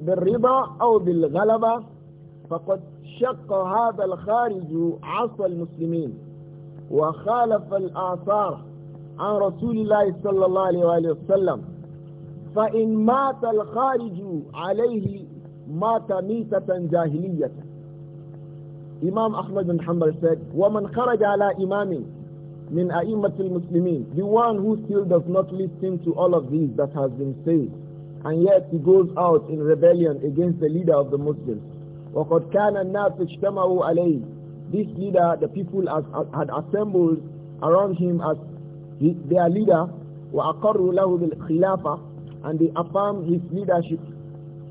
بالرضا أو بالغلبة فقد شق هذا الخارج عصى المسلمين وخالف الآثار عن رسول الله صلى الله عليه وآله وسلم فإن مات الخارج عليه مات ميتة جاهلية Imam Ahmad بن Hanbal said, وَمَنْ خَرَجَ عَلَىٰ إِمَامٍ مِنْ أَئِمَّةِ الْمُسْلِمِينَ The one who still does not listen to all of these that has been said, and yet he goes out in rebellion against the leader of the Muslims. وَقَدْ كَانَ النَّاسُ اجْتَمَعُوا عَلَيْهِ This leader, the people had assembled around him as he, their leader, وَأَقَرُّوا the Khalifa, And they affirm his leadership.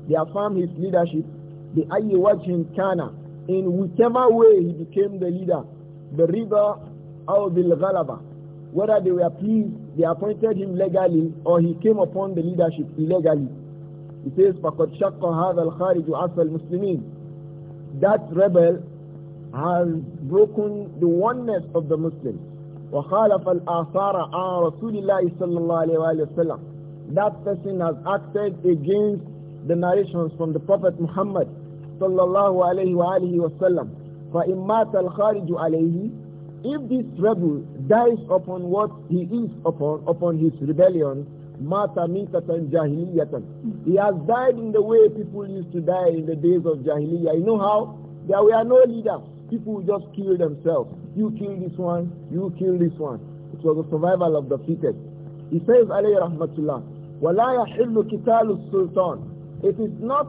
They affirm his leadership. بِأَيِّ وَجْهٍ Kana In whichever way he became the leader, the river or Khalifa. Whether they were pleased, they appointed him legally or he came upon the leadership illegally. He says, فَقَدْ شَقَّ هَذَا الْخَارِجُ عَصَى الْمُسْلِمِينَ That rebel has broken the oneness of the Muslims. وخالف الآثار عن رسول الله صلى الله عليه وسلم that person has acted against the narrations from the Prophet Muhammad صلى الله عليه وآله وسلم فإن مات الخارج عليه if this rebel dies upon what he is upon upon his rebellion mata mintatan jahiliyatan he has died in the way people used to die in the days of jahiliyah you know how there were no leaders people just killed themselves you kill this one, you kill this one. It was the survival of the fittest. He says, alayhi rahmatullah, وَلَا يَحِلُّ كِتَالُ السُّلْطَانِ It is not,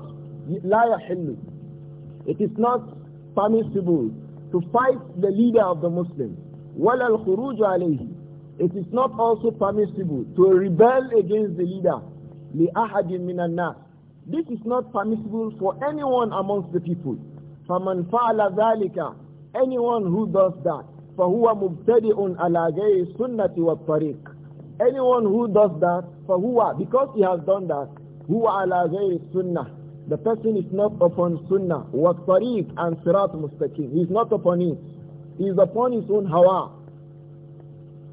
لَا يَحِلُّ It is not permissible to fight the leader of the Muslims. وَلَا الْخُرُوجُ عَلَيْهِ It is not also permissible to rebel against the leader. لِأَحَدٍ مِنَ النَّاسِ This is not permissible for anyone amongst the people. فَمَنْ فَعَلَ ذَلِكَ Anyone who does that, فَهُوَ مُبْتَدِئٌ عَلَى غَيْرِ السُنَّةِ وَالطَّرِيقِ Anyone who does that, فَهُوَ Because he has done that, هُوَ عَلَى غَيْرِ السُنَّةِ The person is not upon sunnah, وَالطَّرِيق and sirat mustaqim. He is not upon it. He is upon his own hawa.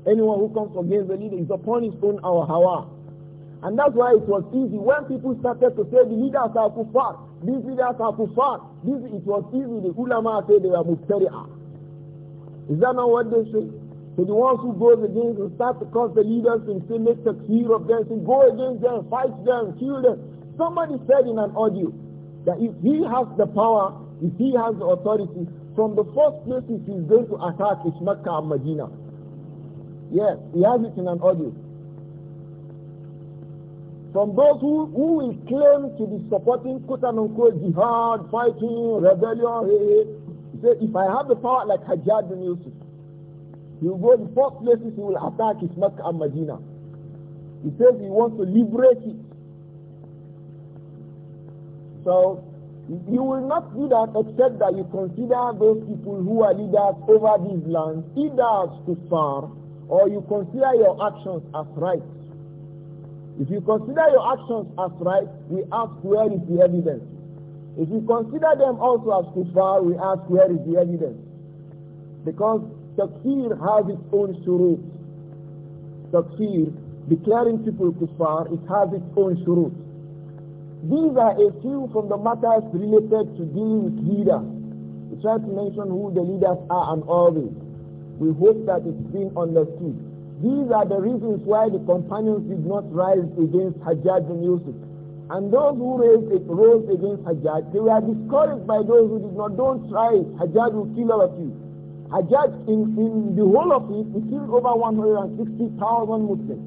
Anyone who comes against the leader is upon his own our hawa. And that's why it was easy. When people started to say the leaders are kufar, these leaders are kufar, this, it was easy. The ulama said they were muftari'ah. Is that not what they say? So the ones who goes against and start to cause the leaders and say make fear of them, and go against them, fight them, kill them. Somebody said in an audio that if he has the power, if he has the authority, from the first places he's going to attack is Mecca and Medina. Yes, he has it in an audio from those who, who claim to be supporting quote-unquote jihad, fighting, rebellion, hey, eh, eh, says if I have the power like Hajjaj bin Yusuf, he will go to four places he will attack is and Medina. He says he wants to liberate it. So, you will not do that except that you consider those people who are leaders over these lands either as far or you consider your actions as right. If you consider your actions as right, we ask where is the evidence. If you consider them also as kufar, we ask where is the evidence. Because takfir has its own shurut. Takfir, declaring people kufar, it has its own shurut. These are a few from the matters related to dealing with leaders. We try to mention who the leaders are and all this. We hope that it's been understood. These are the reasons why the companions did not rise against Hajjaj and Yusuf. And those who raised it rose against Hajjaj, they were discouraged by those who did not. Don't rise. Hajjaj will kill all of you. Hajjaj, in, in the whole of it, he killed over 160,000 Muslims.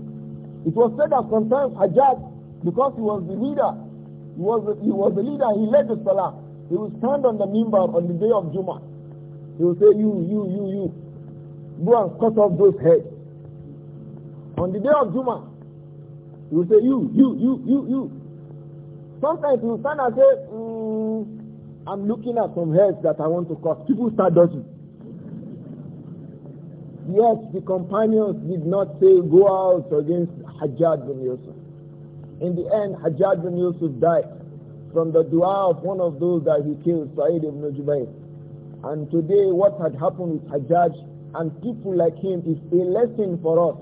It was said that sometimes Hajjaj, because he was the leader, he was, the, he was the leader, he led the Salah. He would stand on the mimbar on the day of Juma. He would say, you, you, you, you, go and cut off those heads. On the day of Juma, you will say, you, you, you, you, you. Sometimes you will stand and say, mm, I'm looking at some heads that I want to cut. People start dodging. Yes, the companions did not say go out against Hajjaj bin Yusuf. In the end, Hajjaj bin Yusuf died from the dua of one of those that he killed, Sa'id ibn Jubayr. And today, what had happened with Hajjaj and people like him is a lesson for us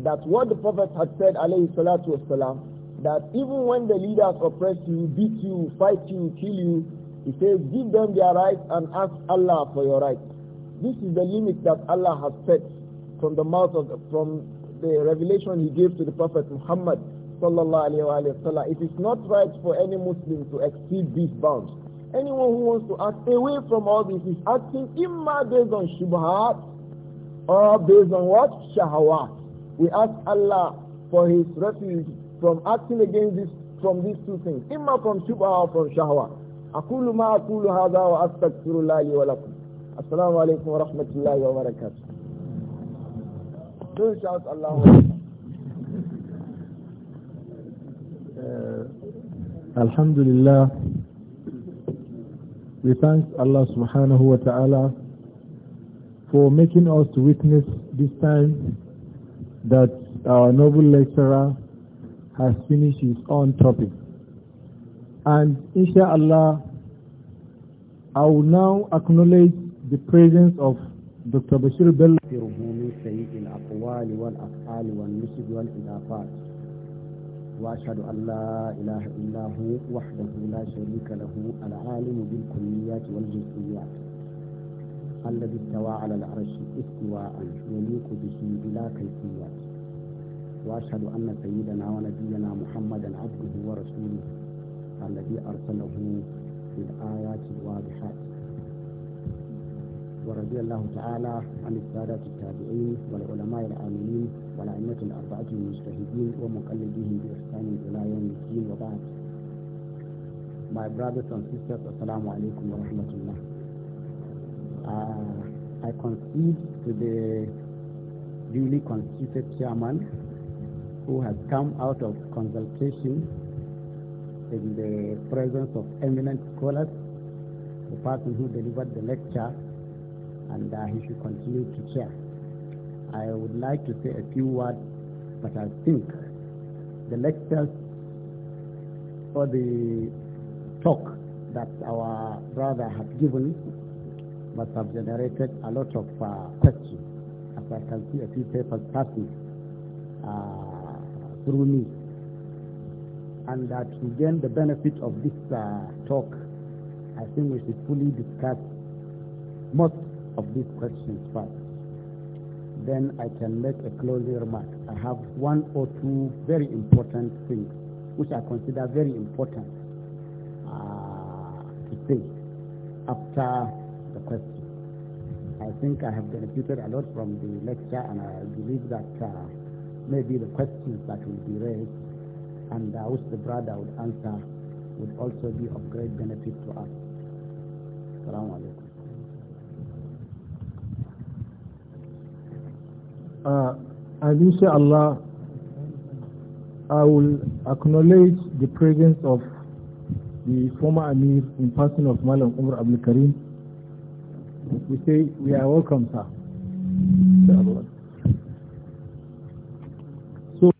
that what the Prophet had said, alayhi salatu wasalam, that even when the leaders oppress you, beat you, fight you, kill you, he says, give them their rights and ask Allah for your rights. This is the limit that Allah has set from the mouth of, the, from the revelation he gave to the Prophet Muhammad sallallahu It is not right for any Muslim to exceed these bounds. Anyone who wants to act away from all this is acting i am based on shubhat or based on what? Shahawat. We ask Allah for his refuge from acting against this, from these two things, i from shubha or from shahwa. أقول ما أقول هذا وأستغفر الله لي ولكم السلام عليكم ورحمة Allah uh, Alhamdulillah We thank Allah subhanahu wa ta'ala for making us to witness this time that our noble lecturer has finished his own topic. And inshallah, I will now acknowledge the presence of Dr. Bashir Bello. واشهد ان لا اله الا هو وحده لا شريك له العالم بالكليات والجزئيات الذي استوى على العرش استواء يليق به بلا كيفيات وأشهد أن سيدنا ونبينا محمدا عبده ورسوله الذي أرسله في الآيات الواضحات ورضي الله تعالى عن السادة التابعين والعلماء العاملين والأئمة الأربعة المجتهدين ومقلديهم بإحسان إلى يوم الدين وبعد My brothers and sisters, Assalamu alaikum wa rahmatullah. Uh, I concede to the duly constituted chairman who has come out of consultation in the presence of eminent scholars, the person who delivered the lecture, and uh, he should continue to chair. I would like to say a few words, but I think the lectures or the talk that our brother had given must have generated a lot of uh, questions, as I can see a few papers passing uh, through me, and that to gain the benefit of this uh, talk, I think we should fully discuss most of these questions first. Then I can make a closing remark. I have one or two very important things which I consider very important uh, to say after think I have benefited a lot from the lecture, and I believe that uh, maybe the questions that will be raised and uh, which the brother would answer would also be of great benefit to us. Assalamu alaikum. Uh, and inshallah, I will acknowledge the presence of the former Amir in person of Malam Umar Abdul Karim we say, we are welcome, sir.